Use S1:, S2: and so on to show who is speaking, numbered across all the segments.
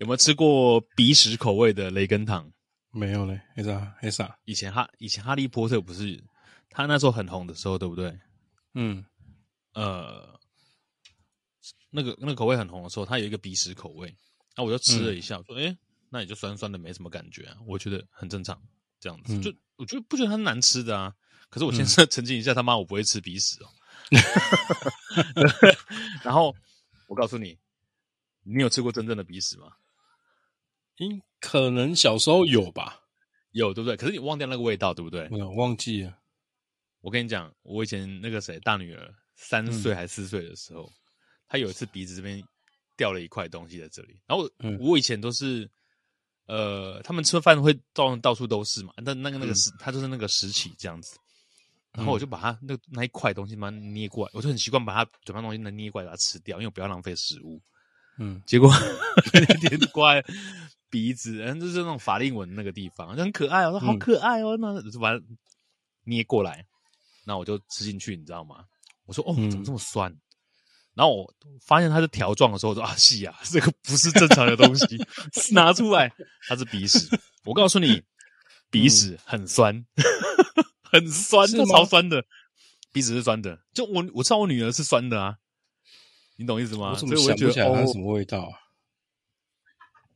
S1: 有沒有吃過鼻屎口味的雷根糖？沒有嘞，黑撒黑撒。以前哈，以前哈利波特不是他那時候很紅的時候，對不對？嗯，呃，那個那個口味很紅的時候，它有一個鼻屎口味，那、啊、我就吃了一下，嗯、我說哎、欸，那也就酸酸的，沒什麼感覺啊，我覺得很正常，這樣子、嗯、就我覺得不覺得它是難吃的啊。可是我現在澄清一下，他媽我不會吃鼻屎哦。 然後我告訴你，你有吃過真正的鼻屎嗎？你可能小時候有吧，有對不對？可是你忘掉那個味道，對不對？我忘記了。我跟你講，我以前那個誰大女兒三歲還是四歲的時候，她、嗯、有一次鼻子這邊掉了一塊東西在這裡。然後我，、嗯、我以前都是，呃，他們吃飯會掉到處都是嘛。但那，那個那個食、嗯，他就是那個石起這樣子。然後我就把它那那一塊東西把它捏過來，我就很習慣把它嘴巴東西能捏過來把它吃掉，因為我不要浪費食物。嗯，結果捏過來 鼻子，嗯，就是那種法令紋那個地方，就很可愛，啊。我說好可愛哦，嗯、那就把它捏過來，那我就吃進去，你知道嗎？我說哦，怎麼這麼酸，嗯？然後我發現它是條狀的時候，我說啊，是啊，這個不是正常的東西。 拿出來，它是鼻屎。我告訴你，鼻屎很酸，嗯、呵呵很酸，超酸的。鼻子是酸的，就我我知道我女兒是酸的啊，你懂意思嗎？所以我想不起來它是什
S2: 麼味道啊。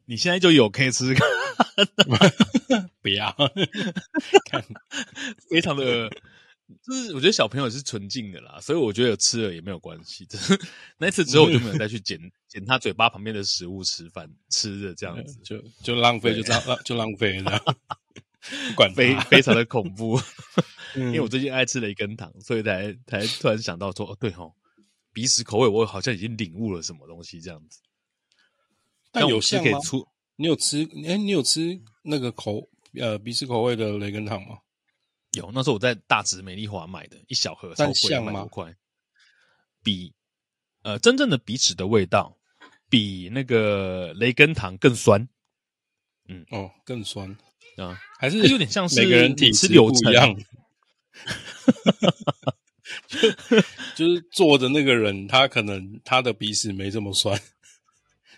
S1: 你現在就有可以吃，呵呵 不要看， 非常的，就是我覺得小朋友是純淨的啦，所以我覺得有吃了也沒有關係，就是。那次之後，我就沒有再去撿撿、嗯、他嘴巴旁邊的食物吃飯吃的這樣子，嗯、就就浪費，就浪
S2: 費就浪費了這樣。不管非 非常的
S1: 恐怖，嗯、 因為我最近愛吃雷根糖，所以才才突然想到說，對吼，鼻屎口味，我好像已經領悟了什麼東西這樣子。但有但可給出？
S2: 你有吃？哎、欸，你有吃那個口呃鼻屎口味的雷根糖嗎？
S1: 有，那是我在大直美麗華買的一小盒，超貴，百多塊。比呃真正的鼻屎的味道，比那個雷根糖更酸。
S2: 嗯哦，更酸啊，還是有點像是每個人體質不一樣。 就是坐的那個人，他可能他的鼻屎沒這麼酸。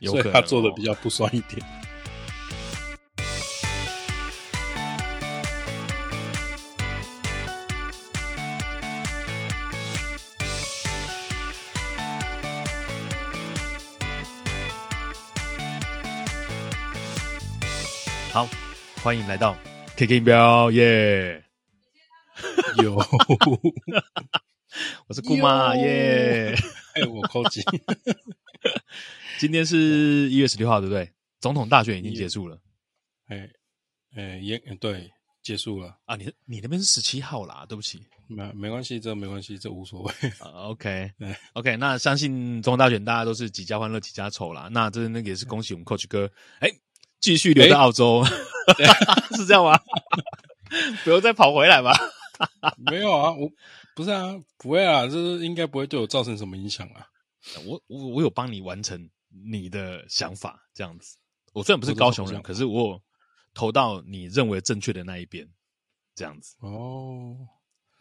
S2: 所以他做的比較不酸一點。
S1: 好，歡迎來到 K K 音標耶，有，我是姑媽耶，哎，yeah、我高級。今天是一月十六號，對不對？嗯，總統大選已經結束
S2: 了，哎、欸，哎、欸、也、欸、對，結束了啊！你你那邊是十七號啦，對不起，沒沒關係，這沒關係，這無所謂啊。OK，OK，okay
S1: okay, 那相信總統大選，大家都是幾家歡樂幾家愁啦。那這那也是恭喜我們 Coach 哥，哎、欸，繼續留在澳洲，
S2: 欸、 是這樣嗎？ 不要再跑回來吧。 沒有啊，我不是啊，不會啊，這是應該不會對我
S1: 造成什麼影響啊。我我我有幫你完成。你的想法這樣子，我雖然不是高雄人，可是我投到你認為正確的那一邊，這樣子哦。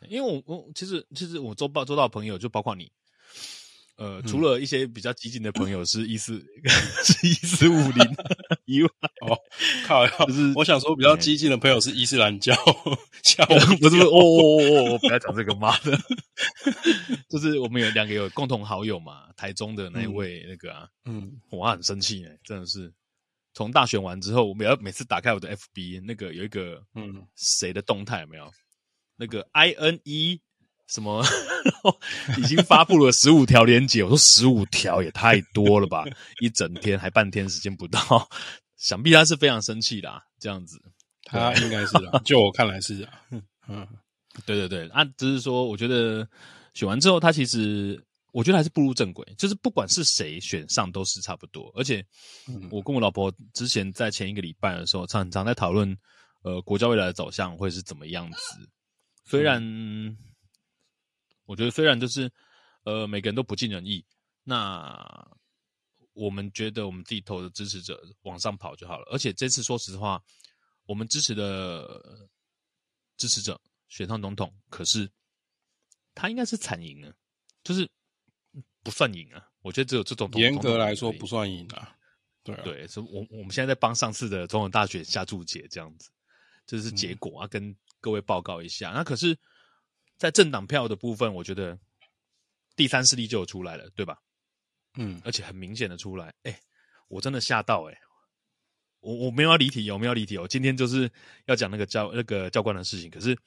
S1: 因為我我其實其實我周遭的朋友就包括你。
S2: 呃、嗯，除了一些比較激進的、嗯哦就是、的朋友是伊斯是伊斯武林以外。哦、欸，開玩笑，就是我想說比較激進的朋友是伊斯蘭教，教我！不是不是？哦哦哦哦！ 我不要講這個，媽的！ 就是我們有兩
S1: 個有共同好友嘛，台中的那一位那個啊，嗯，我很生氣哎、欸，真的是從大選完之後，我們要每次打開我的 FB，那個有一個嗯誰的動態有沒有？嗯、那個 INE。 什麼？然後，已經發布了十五條連結， 我說十五條也太多了吧？一整天還半天時間不到， 想必他是非常生氣啦。這樣子，
S2: 他應該是
S1: 就我看來是這樣。 嗯，對對對，他只是說，我覺得選完之後，他其實我覺得還是步入正軌。就是不管是誰選上，都是差不多。而且，我跟我老婆之前在前一個禮拜的時候，常常在討論，呃，國家未來的走向會是怎麼樣子。雖然、嗯。嗯我覺得雖然就是，呃，每個人都不盡人意，那我們覺得我們地頭的支持者往上跑就好了。而且這次說實話，我們支持的支持者選上總統，可是他應該是慘贏啊，就是不算贏啊。我覺得只有這種嚴格來說不算贏啊。對啊對，所以我我們現在在幫上次的總統大選下註解這樣子，這、就是結果、嗯、啊，跟各位報告一下。那可是。在政黨票的部分，我覺得第三勢力就出來了，對吧？嗯，而且很明顯的出來，哎、欸，我真的嚇到、欸，哎，我我沒有要離題、喔，有沒有離題、喔，我今天就是要講那個教那個教官的事情。可是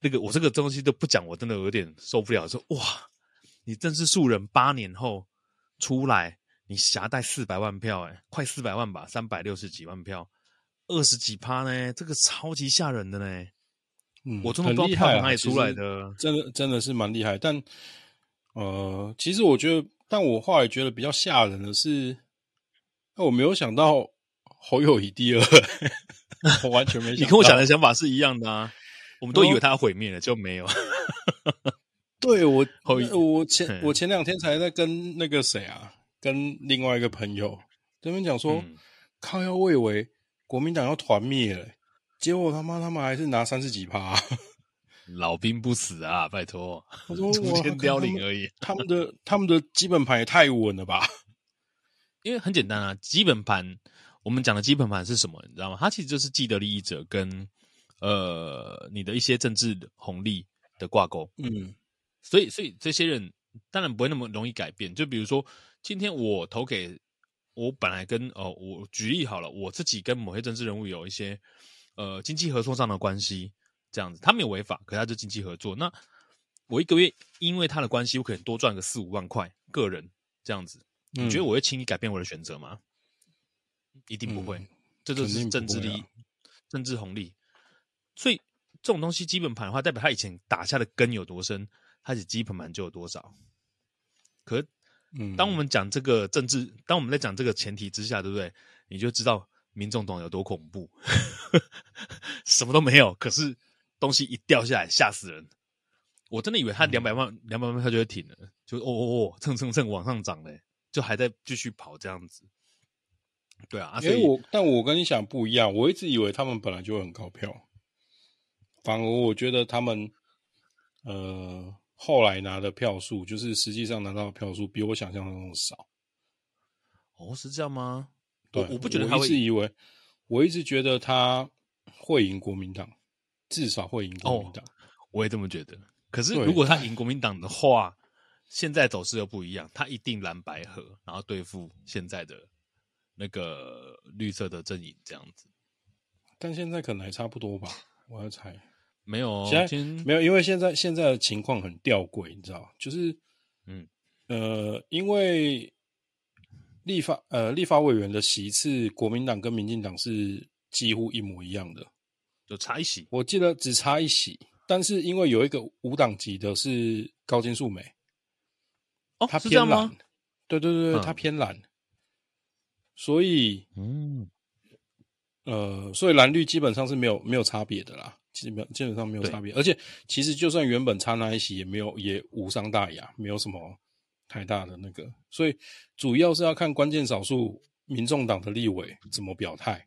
S1: 那個我這個東西都不講，我真的有點受不了。就是、說哇，你政治素人，八年後出來，你挾帶四百萬票、欸，哎，快四百萬吧，三百六十幾萬票，二十幾趴呢，這個超級嚇人的呢。嗯、我這麼厲、嗯、害、啊，來的，
S2: 真的真的是蠻厲害。但呃，其實我覺得，但我後來覺得比較嚇人的是，我沒有想到侯友宜第二，
S1: 我完全沒想到。 你跟我想的
S2: 想法是一樣的啊，嗯、我們都以為他毀滅了就沒有。 對我，侯、哦、友我前我前兩天才在跟那個誰啊，跟另外一個朋友他們講說，抗妖未為，國民黨要團滅了、欸。結果他媽他們還是拿三十幾趴，啊、老兵不死啊！拜托，逐漸 凋零而已他。他
S1: 們的他們的基本盤也太穩了吧？因為很簡單啊，基本盤我們講的基本盤是什麼？你知道嗎？它其實就是既得利益者跟呃你的一些政治紅利的掛鈎。嗯，所以所以這些人當然不會那麼容易改變。就比如說，今天我投給我本來跟呃我舉例好了，我自己跟某些政治人物有一些。呃，經濟合作上的關係，這樣子，他沒有違法，可是他就經濟合作。那我一個月因為他的關係，我可能多賺個四五萬塊，個人這樣子、嗯，你覺得我會輕易改變我的選擇嗎？一定不會，嗯、這就是政治利益、啊、政治紅利。所以這種東西基本盤的話，代表他以前打下的根有多深，他的基本盤就有多少。可，當我們講這個政治、嗯，當我們在講這個前提之下，對不對？你就知道。民眾懂有多恐怖呵呵，什麼都沒有，可是東西一掉下來，嚇死人！我真的以為他兩百萬兩百萬，票、嗯、就會停了，就
S2: 哦哦哦，蹭蹭蹭往上漲了就還在繼續跑這樣子。對啊，啊所以、欸、我但我跟你想不一樣，我一直以為他們本來就會很高票，反而我覺得他們呃後來拿的票數，就是實際上拿到的票數比我想象中的少。
S1: 哦，是這樣嗎？
S2: 我對我不覺得他，他是以為，我一直覺得他會贏國民黨，至少會贏國民黨。哦、我也這麼覺得。可是，如果他贏國民黨的話，現
S1: 在走勢又不一樣，他一定藍白合，然後對付現在的那個
S2: 綠色的陣營，這樣子。但現在可能還差不多吧，我要猜沒有，現在沒有，因為現在現在的情況很吊詭，你知道，就是嗯呃，因為。立法呃，立法委員的席次，國民黨跟民進黨是幾乎一模一樣的，就差一席。我記得只差一席，但是因為有一個無黨籍的是高金素梅，哦，他是偏藍是這樣嗎？對對對對、嗯，他偏藍，所以嗯，呃，所以藍綠基本上是沒有沒有差別的啦，基本基本上沒有差別，而且其實就算原本差那一席也沒有也無傷大雅，沒有什麼。太大的那個，所以主要是要看關鍵少數民眾黨的立委怎麼表態。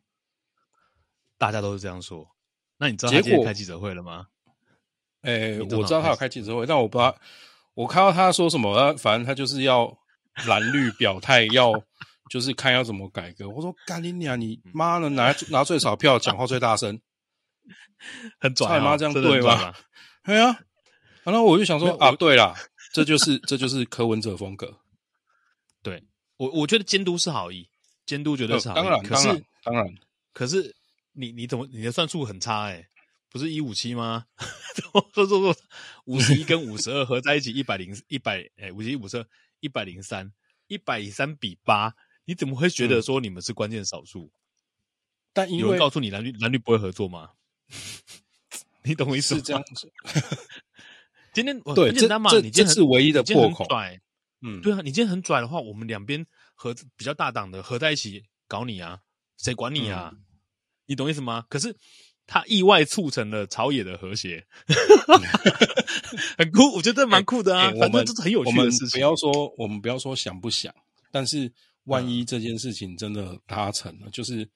S2: 大家都是這樣說。那你知道他今天開記者會了嗎？誒、欸、我知道他有開記者會，但我不知道我看到他說什麼。反正他就是要藍綠表態，要 就是看要怎麼改革。我說幹你娘，你媽呢拿，拿最少票，講話最大聲，很拽，哦。他媽這樣對吧？對啊，啊。然後我就想說啊，對了。 這就是這就是柯文哲風格，
S1: 對，
S2: 我我覺得監督是好意，監督絕對是好意。當、哦、然，當然，當然，
S1: 可是，可是你你怎麼你的算術很差哎、欸，不是一五七嗎？怎 麼說，說，說，麼怎五十一跟五十二合在一起一百零一百哎五十一、五十二一百零三一百零三比八，你怎麼會覺得說你們是關鍵的少數？嗯、
S2: 但因為有人告
S1: 訴你藍綠藍綠不會合作嗎？ 你懂我意思？嗎？是這樣子。 今天我很簡單嘛，你今天是唯一的破口，你今天很。嗯，對啊，你今天很拽的話，我們兩邊合比較大黨的合在一起搞你啊，誰管你啊，嗯？你懂意思嗎？可是他意外促成了朝野的
S2: 和諧，嗯、 很酷，我覺得這蠻酷的啊。我、欸、們這是很有趣的事情。不要說我們不要說想不想，但是萬一這件事情真的達成了，嗯，就是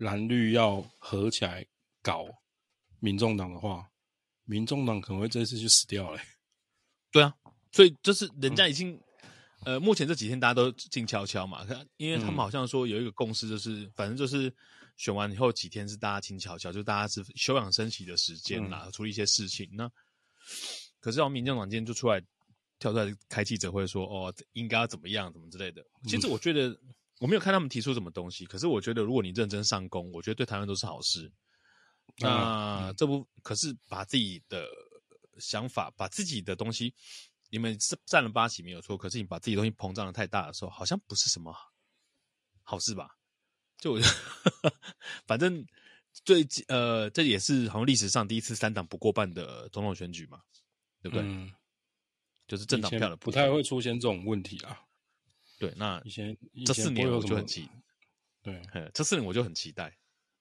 S2: 藍綠要合起來搞民眾黨的話。民眾黨可能會這一次就死掉了，欸。對啊，所以就是
S1: 人家已經，嗯、呃，目前這幾天大家都靜悄悄嘛，因為他們好像說有一個共識，就是、嗯、反正就是選完以後幾天是大家靜悄悄，就大家是休養生息的時間啦，處、嗯、理一些事情。那可是要民眾黨今天就出來跳出來開記者會說，哦，應該要怎麼樣，怎麼之類的。其實我覺得、嗯、我沒有看他們提出什麼東西，可是我覺得如果你認真上工，我覺得對台灣都是好事。那、嗯、這不可是把自己的想法，把自己的東西，你們佔了八席沒有錯。可是你把自己的東西膨脹得太大的時候，好像不是什麼好事吧？就我覺得反正最近呃，這也是好像歷史上第一次三黨不過半的總統選舉嘛，對不對？嗯、就是政黨票的不太會出
S2: 現這種問題啊。
S1: 對，那以前，以前這四年我就很期待，對，這四年我就很期待。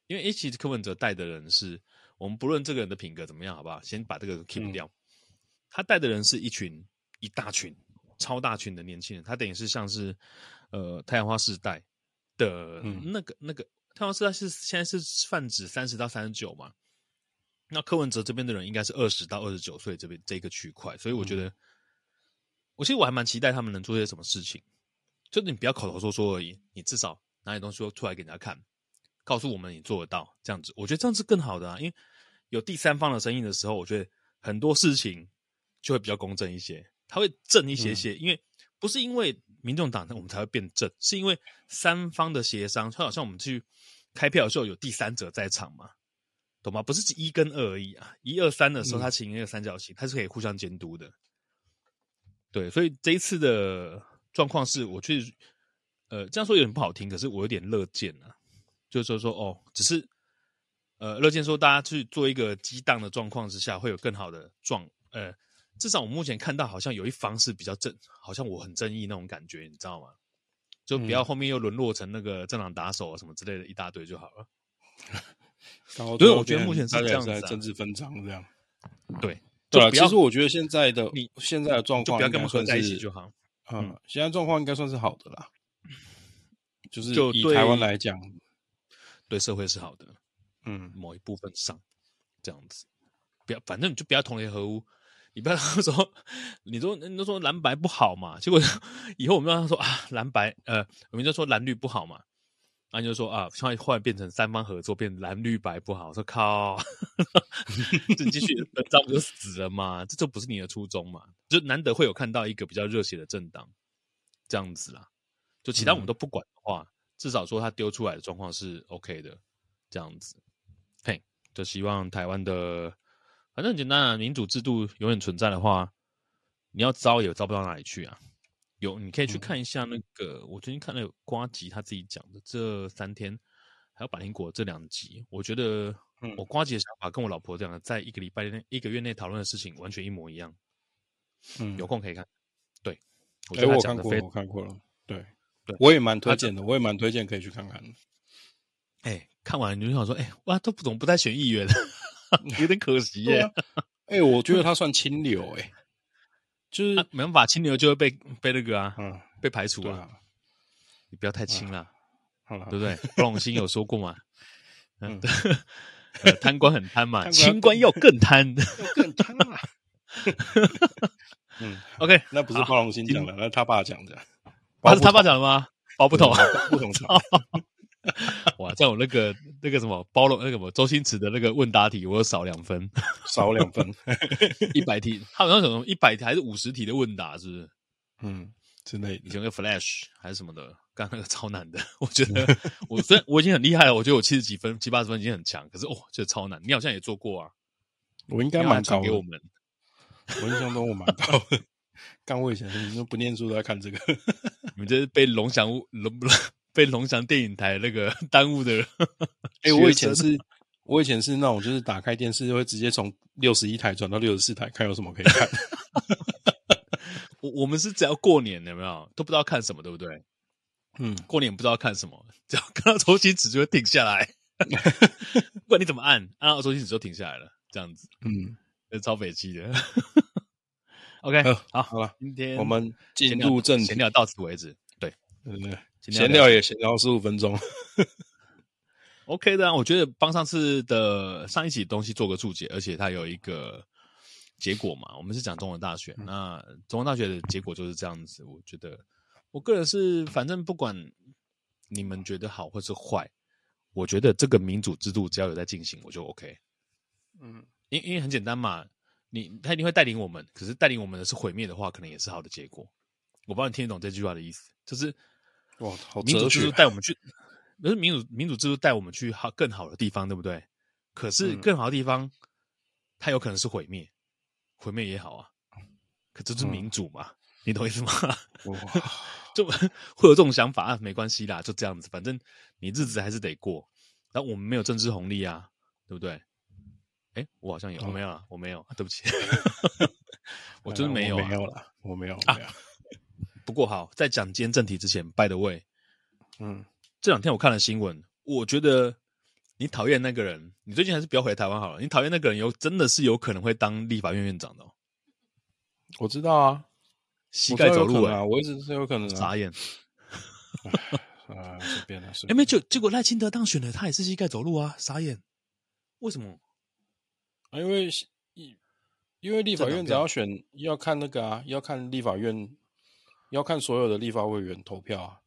S1: 因為一期的柯文哲帶的人是我們不論這個人的品格怎麼樣，好不好？先把這個 keep 掉，嗯。他帶的人是一群、一大群、超大群的年輕人。他等於是像是，呃，太陽花世代的，嗯、那個、那個太陽花世代是現在是泛指三十到三十九嘛。那柯文哲這邊的人應該是二十到二十九歲這邊這個區塊。所以我覺得，嗯，我其實我還蠻期待他們能做些什麼事情。就你不要口頭說說而已，你至少拿點東西出來給人家看。告訴我們你做得到這樣子，我覺得這樣子更好的啊，因為有第三方的聲音的時候，我覺得很多事情就會比較公正一些，它會正一些些。嗯、因為不是因為民眾黨我們才會變正，是因為三方的協商，就好像我們去開票的時候有第三者在場嘛，懂嗎？不是一跟二而已啊，一二三的時候它形成一個三角形，它、嗯、是可以互相監督的。對，所以這一次的狀況是，我去呃，這樣說有點不好聽，可是我有點樂見啊。就是說，說，哦，只是呃，樂見說，大家去做一個激盪的狀況之下，會有更好的狀。呃，至少我目前看到，好像有一方是比較正，好像我很正義那種感覺，你知道嗎？就不要後面又淪落成那個政黨打手啊什麼之
S2: 類的，一大堆就好了。所、嗯、以 我覺得目前是這樣子、啊，政治分贓這樣。對，對其實我覺得現在的你現在的狀況，就不要跟他們在一起就好。嗯，現在狀況應該算是好的啦。嗯、
S1: 就是以台灣來講。對社會是好的，嗯，某一部分上，嗯，這樣子，不要，反正你就不要同流合污，你不要說，你說，你都說藍白不好嘛，結果以後我們讓他說啊，藍白，呃，我們就說藍綠不好嘛，然、啊、後就說啊，突然突然變成三方合作，變藍綠白不好，我說靠，這 繼續，這不就死了嗎？這就不是你的初衷嘛，就難得會有看到一個比較熱血的政黨，這樣子啦，就其他我們都不管的話。嗯至少說他丟出來的狀況是 OK 的，這樣子，嘿、hey,，就希望台灣的，反正很簡單、啊，民主制度永遠存在的話，你要招也招不到哪裡去啊。有，你可以去看一下那個，嗯、我最近看了呱吉他自己講的這三天，還有百靈果這兩集，我覺得，我呱吉的想法跟我老婆講，在一個禮拜內、一個月內討論的事情完全一模一樣。嗯，有空可以看，對，我覺得他講的非常好、欸、我
S2: 看過，我看過了，對。我也蠻推薦的，我也蠻推薦、啊、可以去看看的。哎、欸，看完你就想說，哎、欸，哇，都不怎麼不太選議員， 有點可惜耶、
S1: 欸。哎、啊欸，我覺得他算清流、欸，哎，就是、啊、沒辦法，清流就會被被那個啊、嗯，被排除啊。你、啊、不要太清了、啊，好了好，對不對？包龍星有說過嘛，貪、 啊嗯、官很貪嘛貪，清官要更貪， 要更貪貪嘛、啊。 嗯，OK，那不是包龍
S2: 星講的，那他爸講的。啊、是他爸講的嗎？包不同，嗯、不同
S1: 哇，在我那個那個什麼，包容那個什麼，周星馳的那個問答題，我又少兩分，少兩分。一百題，他好像什麼一百題還是五十題的問答，是不是？嗯，真的以前個 flash 還是什麼的，剛剛那個超難的。我覺得我雖然我已經很厲害了，我覺得我七十幾分，七八十分已經很強，可是哦，這超難。你好像也做過啊？
S2: 我應該蠻少。給我們，
S1: 我印象中我蠻少。 剛我以前，你們不念書
S2: 都在看這個， 你們這是被龍祥龍被龍祥電影台那個耽誤的、欸。哎，我以前是，我以前是那種，就是打開電視就會直接從六十一台轉到六十四台看有什麼可以看
S1: 我。我我們是只要過年，有沒有都不知道看什麼，對不對？嗯，過年不知道看什麼，只要看到周星馳，就會停下來，不 管你怎麼按，按到周星馳就停下來了，這樣子。嗯，超北七的。 OK，好，好了，今天我們進入
S2: 正題，閒聊到此為止。對，閒聊也閒聊十五分鐘。
S1: OK 的、啊，我覺得幫上次的上一集東西做個注解，而且它有一個結果嘛。我們是講中文大學、嗯，那中文大學的結果就是這樣子。我覺得，我個人是反正不管你們覺得好或是壞，我覺得這個民主制度只要有在進行，我就 OK。嗯，因因為很簡單嘛。你他一定會帶領我們，可是帶領我們的是毀滅的話，可能也是好的結果。我幫你聽得懂這句話的意思，就是民主制度帶我們去，不是民主民主制度帶我們去好更好的地方，對不對？可是更好的地方，它有可能是毀滅，毀滅也好啊。可這就是民主嘛？你懂意思嗎？ 就會有這種想法，啊，沒關係啦，就這樣子，反正你日子還是得過。但我們沒有政治紅利啊，對不對？哎、欸，我好像有、嗯，我沒有啊，我沒有，啊、對不起， 我真的沒有，沒有了，我沒有，我沒有，我沒有、啊。不過好，在講今天正題之前，by the way，嗯，這兩天我看了新聞，我覺得你討厭那個人，你最近還是不要回台灣好了。你討厭那個人有真的是有可能會當立法院院長的、哦。我知道啊，膝蓋走路了啊，我一直
S2: 是有可能、啊，傻眼。 啊，隨便啊，隨便。哎，沒
S1: 就結果賴清德當選了，他也是膝蓋走路啊，傻眼，
S2: 為什麼？因為，因為立法院長要選，要看那個啊，要看立法院，要看所有的立法委員投票啊。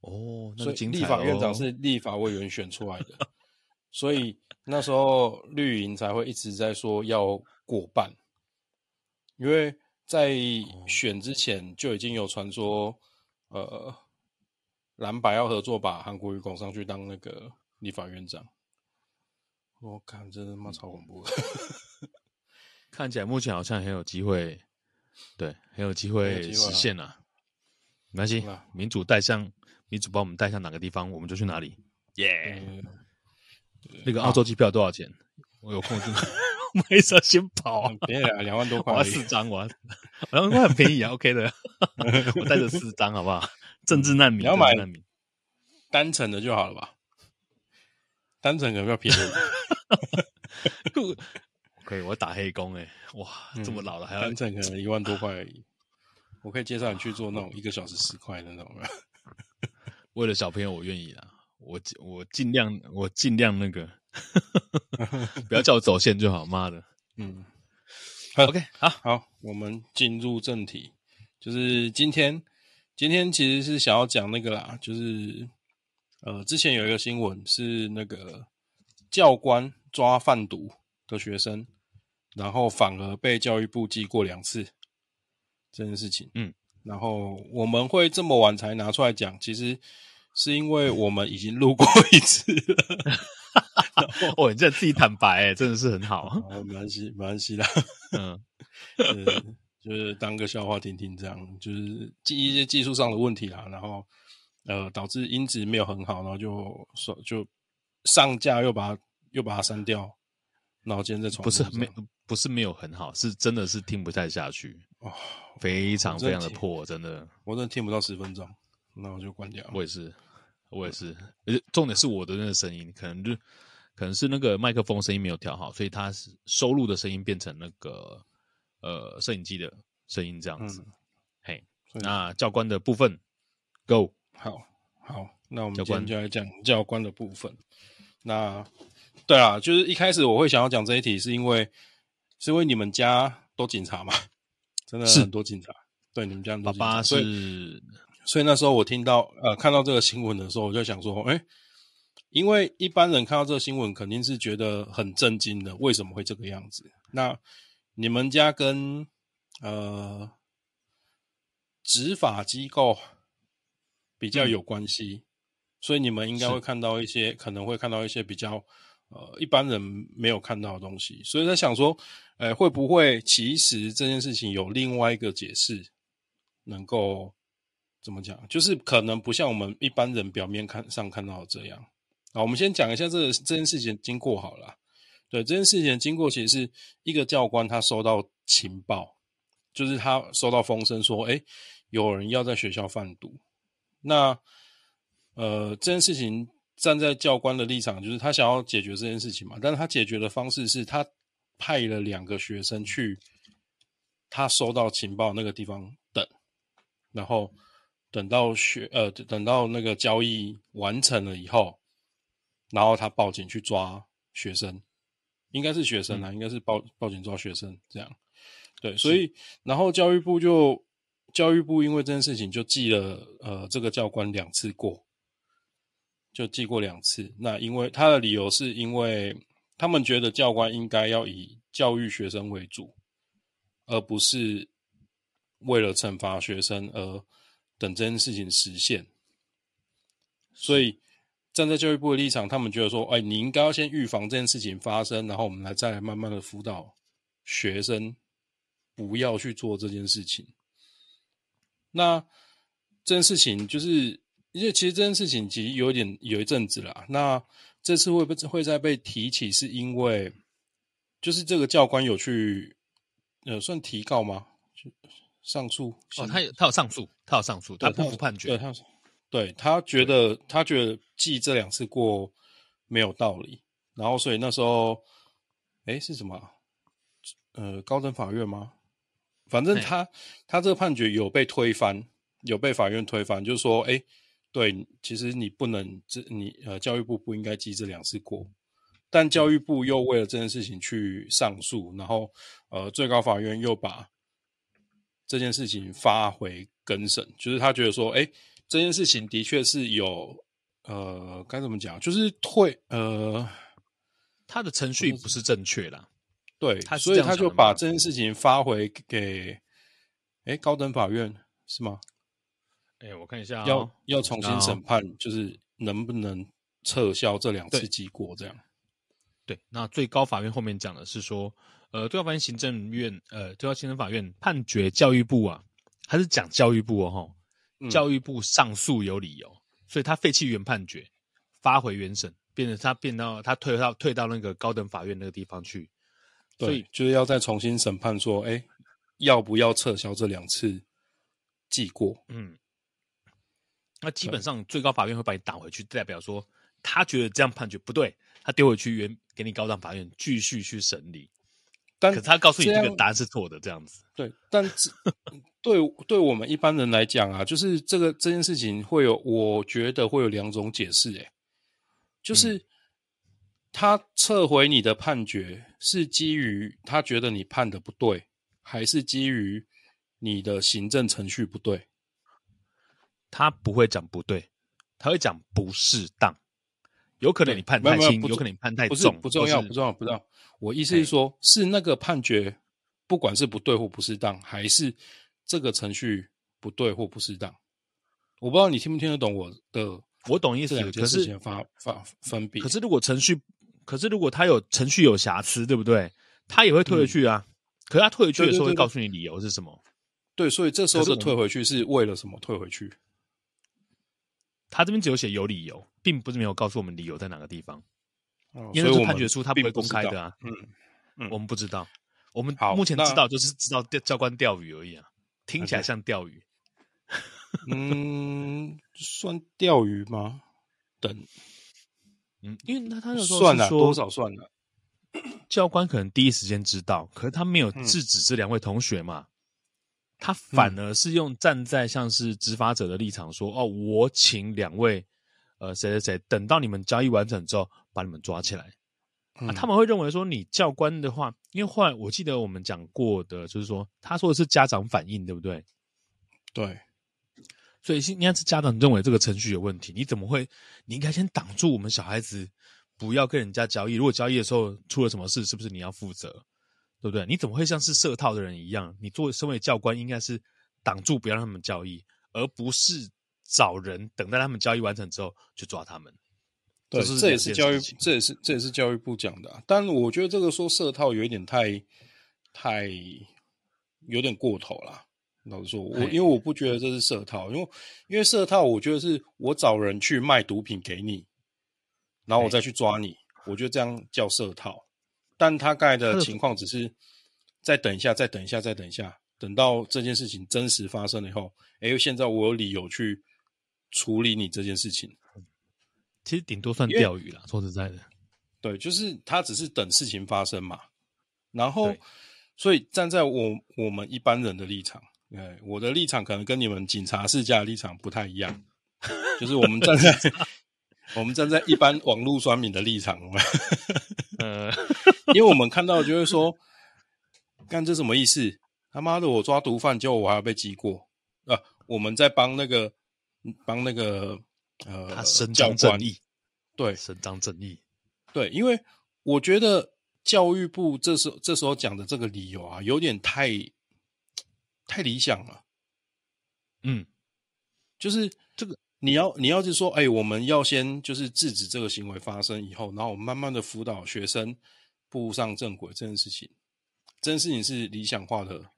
S2: 哦，那
S1: 個、哦，所以立法院長是
S2: 立法委員選出來的， 所以那時候綠營才會一直在說要過半，因為在選之前就已經有傳說、哦，呃，藍白要合作把韓國瑜拱上去當那個立法院長。我看，真的媽超恐怖的。
S1: 看起來目前好像很有機會，對，很有機會實現了，啊啊。沒關係，啊，民主帶向，民主把我們帶向哪個地方，我們就去哪裡。耶，yeah!！那個澳洲機票多少錢？啊，我有控制嗎？ 我們還是要先跑，啊。兩兩萬多塊，四張我，好像很便宜啊。宜啊 OK
S2: 的， 我帶着四張好不好？政治難民，你要買單程的就好了吧？單程可能比較便宜，哈哈哈哈哈。OK，我打黑工哎、欸，哇、嗯，這麼老了還要單程可能一萬多塊而已、啊。我可以介紹你去做那種一個小時十塊那種了。為了小朋友我願，我願
S1: 意啊。我盡量，我盡量，我盡量那個， 不要叫我走線就好。媽的，嗯。
S2: 好 OK，好好，好，我們進入正題，就是今天今天其實是想要講那個啦，就是。呃，之前有一個新聞是那個教官抓販毒的學生，然後反而被教育部記過兩次這件事情。嗯，然後我們會這麼晚才拿出來講，其實是因為我們已經錄過一次了。 哦，你這自己坦白、欸， 真的是很好。沒關係，沒關係啦 嗯，就是當個笑話聽聽，這樣就是記一些技術上的問題啊，然後。呃，導致音質沒有很好，然後就說就上架又把它又把它刪掉，然後今天
S1: 再重不是沒不是沒有很好，是真的是聽不太下去哦，非常非常的破，真的，真的，我真的聽不到十分鐘，
S2: 那我就關掉
S1: 了。我也是，我也是、嗯，而且重點是我的那個聲音，可能就可能是那個麥克風聲音沒有調好，所以它是收錄的聲音變成那個呃攝影機的聲音這樣
S2: 子。嘿、嗯 hey，那教官的部分，Go。好好，那我們今天就來講教官的部分。那對啦，就是一開始我會想要講這一題，是因為，是因為你們家都警察嘛，真的很多警察。對，你們家爸爸是，所以那時候我聽到呃看到這個新聞的時候，我就想說，哎、欸，因為一般人看到這個新聞肯定是覺得很震驚的，為什麼會這個樣子？那你們家跟呃執法機構？比較有關係，所以你們應該會看到一些，可能會看到一些比較呃一般人沒有看到的東西。所以，在想說，欸，誒會不會其實這件事情有另外一個解釋？能夠怎麼講？就是可能不像我們一般人表面看上看到的這樣啊。我們先講一下這個這件事情經過好了。對，這件事情經過其實是一個教官他收到情報，就是他收到風聲說，哎，有人要在學校販毒。那，呃，這件事情站在教官的立場，就是他想要解決這件事情嘛，但是他解決的方式是他派了兩個學生去他收到情報那個地方等，然後等到學，呃，等到那個交易完成了以後，然後他報警去抓學生，應該是學生啦、嗯，應該是報報警抓學生這樣，對，所以然後教育部就。教育部因為這件事情就記了，呃，這個教官兩次過，就記過兩次。那因為他的理由是因為他們覺得教官應該要以教育學生為主，而不是為了懲罰學生而等這件事情實現。所以站在教育部的立場，他們覺得說：“哎，你應該要先預防這件事情發生，然後我們來再來慢慢的輔導學生，不要去做這件事情。”那這件事情就是，因為其實這件事情其實有一點有一陣子了。那這次會不會再被提起，是因為就是這個教官有去，呃，算提告嗎？上訴哦，他
S1: 有他有上訴，他有上訴，對，他不服判決，對他，他，
S2: 對他覺得他覺得記這兩次過沒有道理，然後所以那時候，哎，是什麼？呃，高等法院嗎？反正他他這個判決有被推翻，有被法院推翻，就是說，哎、欸，對，其實你不能這你呃教育部不應該記這兩次過，但教育部又為了這件事情去上訴，然後呃最高法院又把這件事情發回更審，就是他覺得說，哎、欸，這件事情的確是有呃該怎麼講，就是退呃他的程序不是正確的。對，他，所以他就把這件事情發回給，哎，高等法院是嗎？
S1: 哎，我看一下哦，要要重新審
S2: 判，就是能不能撤銷這兩次記過這樣。對，對，那最高法院後面講的是
S1: 說，呃，最高法院行政院，呃，最高行政法院判
S2: 決教育部啊，他
S1: 是講教育部哦，哦、嗯，教育部上訴有理由，所以他廢棄原判決，發回原審，變成他變到他退到退到那個高等法院那個地方去。對，所以
S2: 就是要再重新審判，說，哎、欸，要不要撤銷這兩次記過？
S1: 嗯，那基本上最高法院會把你打回去，代表說他覺得這樣判決不對，他丟回去原給你高等法院繼續去審理。
S2: 但可是他告訴你，這個
S1: 答案是錯的這，這樣子。
S2: 對，但 對對我們一般人來講啊，就是這個這件事情會有，我覺得會有兩種解釋，誒。就是。嗯他撤回你的判決，是基於他覺得你判得不對，還是基於你的行政程序不對？他不會講不對，他會講不適當。有可能
S1: 你判太輕，有可能判太重，不是，不重要、就是，
S2: 不重要，不重要，不重要。我意思是說，Okay. 是那個判決，不管是不對或不適當，還是這個程序不對或不適當，我不知道你聽不聽得懂我的，我懂意思。兩件事情發發，發分別。可是如果程序。可是，如果他有程序有瑕疵，對不對？他也會退回去啊。嗯、可是他退回去的時候對對對對會
S1: 告訴你理由是什麼？
S2: 對，所以這時候的退回去是為了什麼？退回去？他這邊只有寫有理由，並
S1: 不是沒有告訴我們理由在哪個地方。哦、我因為這判決書他不會公開的啊。嗯嗯、
S2: 我們不知道，我們目前知道
S1: 就是知道教官釣魚而已啊，聽起來像釣
S2: 魚。 嗯，算釣魚嗎？等。嗯，因為他他那時候是說算了，多少算了，
S1: 教官可能第一時間知道，可是他沒有制止這兩位同學嘛、嗯，他反而是用站在像是執法者的立場說：“嗯、哦，我請兩位，呃，誰誰誰，等到你們交易完成之後，把你們抓起來。嗯啊”他們會認為說，你教官的話，因為後來我記得我們講過的，就是說他說的是家長反應，對不對？對。所以，你看，是家長認為這個程序有問題，你怎麼會？你應該先擋住我們小孩子，不要跟人家交易。如果交易的時候出了什麼事，是不是你要負責？對不對？你怎麼會像是設套的人一樣？你作為身為教官，應該是擋住，不要讓他們交易，而不是找人等待他們交易完成之後去抓他們。
S2: 對這，這也是教育，這也是這也是教育部講的啊。但我覺得這個說設套有一點太太有點過頭了。老實說，我、欸、因為我不覺得這是設套，因為因為設套，我覺得是我找人去賣毒品給你，
S1: 然後我再
S2: 去抓你，欸、我覺得這樣叫設套。但大概的情況只是再等一下，再等一下，再等一下，等到這件事情真實發生了以後，哎、欸，現在我有理由去處理你這件事情。其實頂多算釣魚了，說實在的，對，就是他只是等事情發生嘛。然後，所以站在我我們一般人的立場。哎，我的立場可能跟你們警察世家的立場不太一樣， 就是我們站在 我們站在一般網絡酸民的立場呃， 因為我們看到的就是說， 幹這什麼意思？他媽的，我抓毒販，就我還要被記過啊！我們在幫那個幫那個呃，他伸張正、正義，對，伸張正義，對，因為我覺得教育部這時候這時候講的這個理由啊，有點太。太理想了，嗯，就是這個你要你要是說，哎、欸，我們要先就是制止這個行為發生以後，然後我們慢慢的輔導學生步上正軌，這件事情，這件事情是理想化的，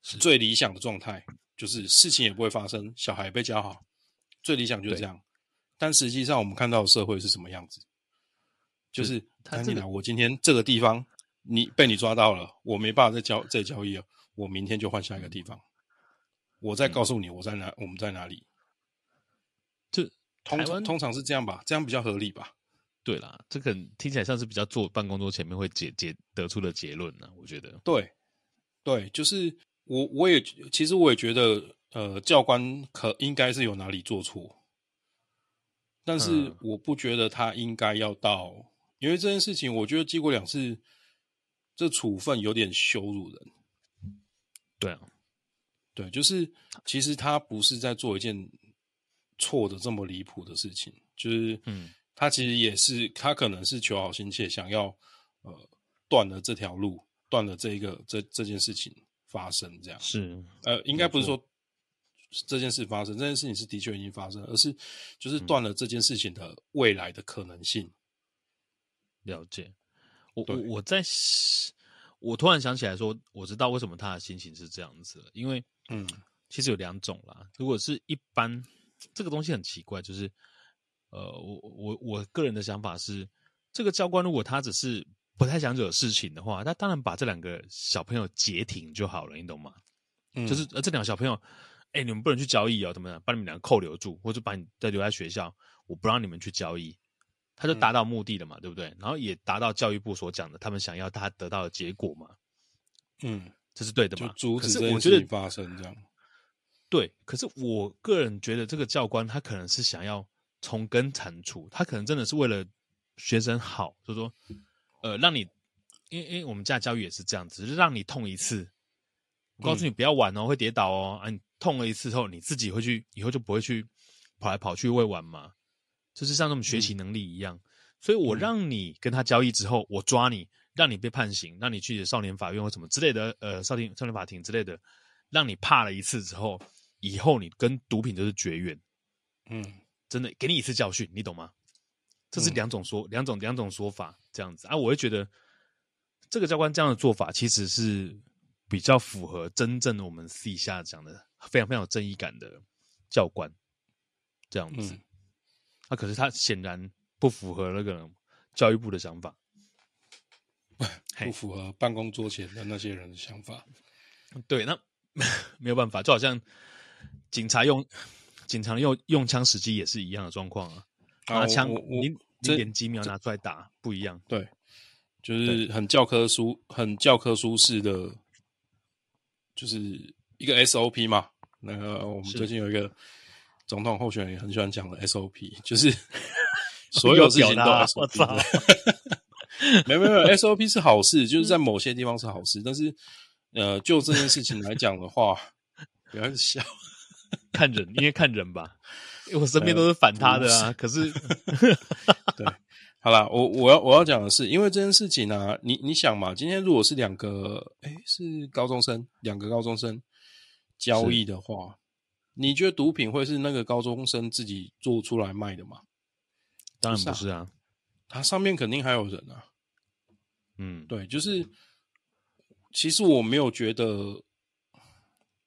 S2: 最理想的狀態，就是事情也不會發生，小孩被教好，最理想就是這樣。但實際上我們看到的社會是什麼樣子，是就是來他、這個，我今天這個地方你被你抓到了，我沒辦法再交再交易了。我明天就換下一個地方，我再告訴你我在哪、嗯，我們在哪裡。這通通常是這樣吧，這樣比較合理吧？對啦，這個聽起來像是比較坐辦公桌前面會解解得出的結論呢，我覺得。對，對，就是我我也其實我也覺得，呃，教官可應該是有哪裡做錯，但是我不覺得他應該要到、嗯，因為這件事情，我覺得記過兩次，這處分有點羞辱人。對啊，對，就是其實他不是在做一件錯的這麼離譜的事情，就是，嗯，他其實也是、嗯、他可能是求好心切，想要呃斷了這條路，斷了這一個這這件事情發生這樣是，呃，應該不是說這件事發生，這件事情是的確已經發生，而是就是斷了這件事情的未來的可能性。嗯、了解，我我我在。
S1: 我突然想起來，說我知道為什麼他的心情是這樣子了，因為，嗯，其實有兩種啦。如果是一般，這個東西很奇怪，就是，呃，我我我個人的想法是，這個教官如果他只是不太想惹事情的話，他當然把這兩個小朋友截停就好了，你懂嗎？嗯，就是，而這兩個小朋友，哎，你們不能去交易哦，怎麼的，把你們兩個扣留住，或者把你再留在學校，我不讓你們去交易。他就達到目的了嘛、嗯，對不對？然後也達到教育部所講的，他們想要他得到的結果嘛。嗯，這是對的嘛？就阻止，可是我覺得這件事情發生這樣、嗯，對。可是我個人覺得，這個教官他可能是想要從根鏟除，他可能真的是為了學生好，就是、說，呃，讓你，因為因為我們家的教育也是這樣子，就是、讓你痛一次，
S2: 我告訴你
S1: 不要玩哦、嗯，會跌倒哦。啊，你痛了一次後，你自己會去，以後就不會去跑來跑去會玩嘛。就是像這種學習能力一樣、嗯，所以我讓你跟他交易之後，我抓你，讓你被判刑，讓你去少年法院或什麼之類的，呃，少年少年法庭之類的，讓你怕了一次之後，以後你跟毒品就是絕緣。嗯，真的給你一次教訓，你懂嗎？這是兩種說，嗯、兩種兩種說法這樣子啊。我會覺得這個教官這樣的做法其實是比較符合真正我們私下講的非常非常有正義感的教官這樣子。嗯那、啊、可是他顯然不符合那個教育部的想法，不，不符合辦公桌前的那些人的想法。對，那沒有辦法，就好像警察用警察用用槍時機也是一樣的狀況啊。啊拿槍，零零點幾秒拿出來打
S2: 不一樣？對，就是很教科書、很教科書式的，就是一個 SOP 嘛。那個我們最近有一個。總統候選人也很喜歡講的 SOP，就是所有事情都有 SOP, 我操、啊，沒 沒有,沒有 SOP 是好事，就是在某些地方是好事，但是呃，就這件事情來講的話，不 要笑，看人，因為看人吧， 我身邊都是反他的啊。呃、是可是， 對，好了，我我要我要講的是，因為這件事情呢、啊，你你想嘛，今天如果是兩個誒、欸、是高中生，兩個高中生交易的話。你覺得毒品會是那個高中生自己做出來賣的嗎？當然不是啊，他上面肯定還有人啊。嗯，對，就是其實我沒有覺得，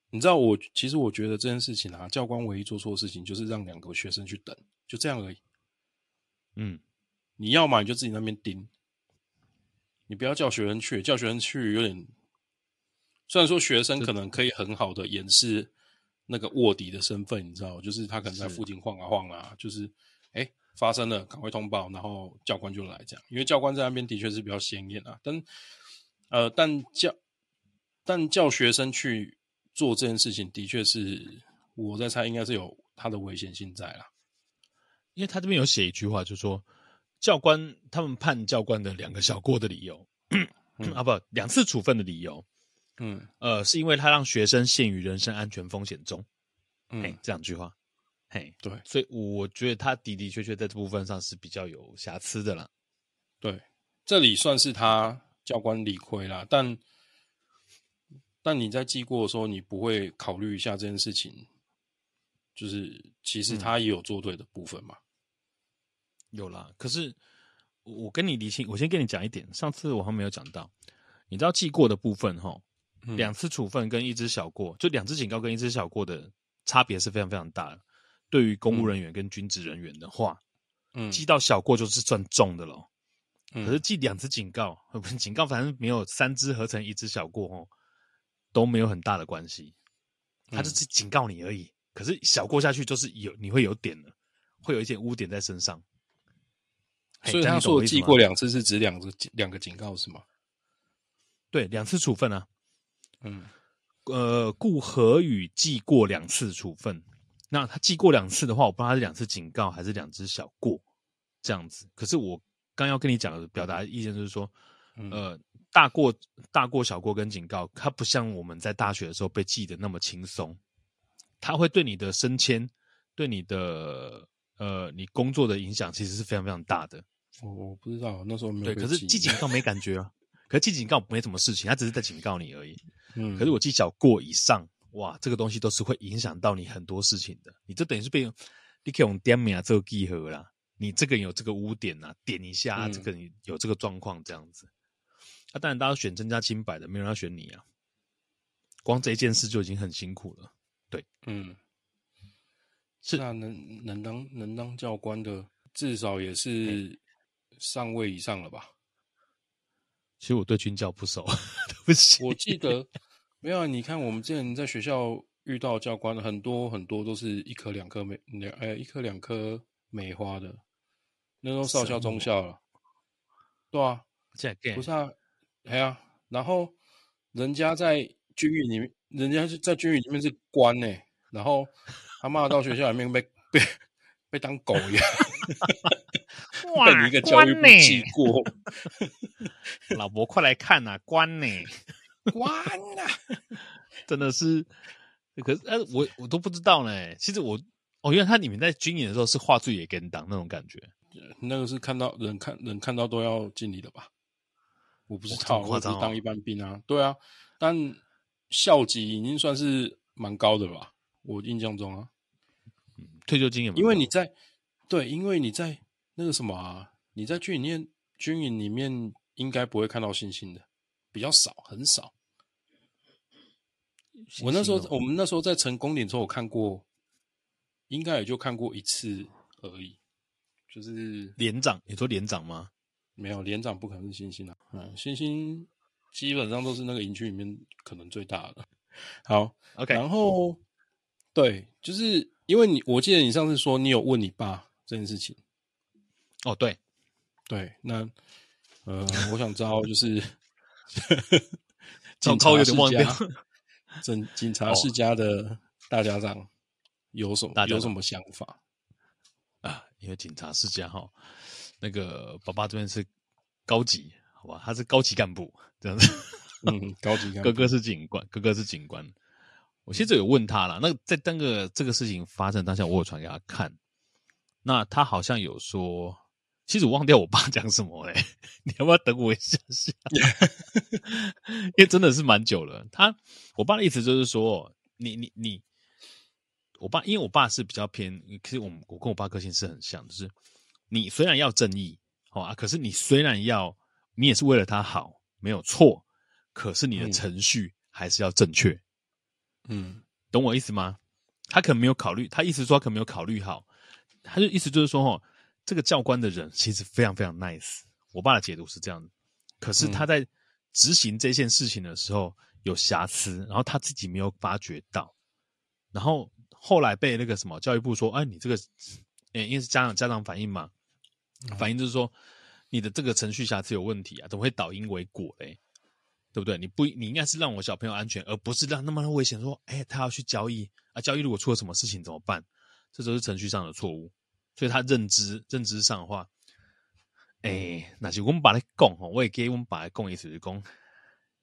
S2: 你知道我，我其實我覺得這件事情啊，教官唯一做錯的事情就是讓兩個學生去等，就這樣而已。嗯，你要嘛你就自己那邊盯，你不要叫學生去，叫學生去有點，雖然說學生可能可以很好的掩飾。那個臥底的身份，你知道，就是他可能在附近晃啊晃啊，啊，就是，哎，發生了，趕快通報，然後教官就來，這樣，因為教官在那邊的確是比較顯眼啊。但，呃，但教，但叫學生去做這件事情，的確是我在猜，應該是有他的危險性在啦。因為他這邊有寫一
S1: 句話就是，就說教官他們判教官的兩個小過的理由，嗯，啊，不，兩次處分的理由。嗯，呃，是因為他讓學生陷於人身安全風險中，嗯，這兩句話，嘿，對，所以我覺得他的的確確在這部分
S2: 上是比較有瑕疵的啦。對，這裡算是他教官理虧啦，但但你在記過的時候，你不會考慮一下這件事情，就是其實他也有做對的部分嘛？嗯、
S1: 有啦，可是我跟你理清，我先跟你講一點，上次我還沒有講到，你知道記過的部分哈？兩次處分跟一只小過，就兩只警告跟一只小過的差別是非常非常大的。對於公務人員跟軍職人員的話，記，嗯，到小過就是算重的了，嗯。可是記兩次警告，不是警告，反正沒有三只合成一只小過哦，都沒有很大的關係。他就是警告你而已。可是小過下去就是有，你會有點了，會有一些污點在身上。
S2: 所以他說記過兩次是指兩個兩個警告是嗎？
S1: 對，兩次處分啊。
S2: 嗯，
S1: 呃，顧何宇記過兩次處分，那他記過兩次的話，我不知道他是兩次警告還是兩支小過這樣子。可是我剛要跟你講的表達意見就是說，嗯、呃，大過大過小過跟警告，它不像我們在大學的時候被記得那麼輕鬆，它會對你的升遷、對你的呃你工作的影響，其實是非常非常大的。我我不知道那時候沒有。對，可是記警告沒感覺啊。 可是記警告沒什麼事情，他只是在警告你而已。嗯、可是我記小過以上，哇，這個東西都是會影響到你很多事情的。你這等於是被你可以用點名做記號啦，你這個有這個污點啊，點一下、啊、這個有這個狀況這樣子。那、嗯啊、當然，大家選增加清白的，沒人要選你啊。光這一件事就已經很辛苦了。
S2: 對，嗯，是啊，能能當能當教官的，至少也是上尉以上了吧。嗯
S1: 其實我對軍教不熟， 對不起。
S2: 我記得沒有啊？你看我們之前在學校遇到教官很多很多，很多都是一顆兩顆梅兩、哎、一顆兩顆梅花的，那都少校中校了。對啊，不是啊，哎呀，然後人家在軍營裡面，人家是在軍營裡面是官呢，然後他媽到學校裡面被 被被當狗一樣。 被你一個教育部記過，欸、 老伯快來看吶、啊！
S1: 關你、欸。 關吶、啊？ 真的是？可是，呃，我我都不知道呢。其實我，哦，原來他裡面在軍營的時候是畫最野跟當那種感覺，
S2: 那個是看到人看人看到都要敬禮的吧？我不知道，我、哦哦、是當一般兵啊。對啊，但校級已經算是蠻高的吧，我印象中啊。嗯，退休金也因為你在對，因為你在。那個什麼，啊，你在軍營裡面，軍營裡面應該不會看到星星的，比較少，很少、哦。我那時候，我們那時候在成功嶺的時候，我看過，應該也就看過一次而已。就是連長，你說連長嗎？沒有，連長不可能是星星啊。嗯，星星基本上都是那個營區裡面可能最大的。好，OK。然後，對，就是因為你，我記得你上次說你有問你爸這件事情。哦，對，對，那，呃，我想知道就是，呵呵好像有點忘掉，警警察世家的大家長有什麼大家長有什麼想法？啊，因為警察世家哈、
S1: 哦，那個爸爸這邊是高級，好吧，他是高級幹部這樣子，嗯，高級幹部，哥哥是警官，哥哥是警官，我現在有問他了、嗯，那在當、那個這個事情發生當下，我有傳給他看，那他好像有說。其實我忘掉我爸講什麼嘞、欸，你要不要等我一下下？ 因為真的是蠻久了。他，我爸的意思就是說，你你你，我爸因為我爸是比較偏，其實我我跟我爸個性是很像，就是你雖然要正義，好、哦啊，可是你雖然要，你也是為了他好，沒有錯，可是你的程序還是要正確。嗯，懂我意思嗎？他可能沒有考慮，他意思說他可能沒有考慮好，他就意思就是說哈。哦這個教官的人其實非常非常 nice，我爸的解讀是這樣的。可是他在執行這件事情的時候有瑕疵，嗯、然後他自己沒有發覺到，然後後來被那個什麼教育部說：“哎，你這個，哎，因為是家長家長反映嘛，嗯、反映就是說你的這個程序瑕疵有問題啊，怎麼會倒因為果嘞？對不對？你不你應該是讓我小朋友安全，而不是讓那麼危險。說哎，他要去交易啊，交易如果出了什麼事情怎麼辦？這都是程序上的錯誤。”所以，他認知認知上的話，哎、欸，那就我們把它供哈，我也給我們把它供意思是供，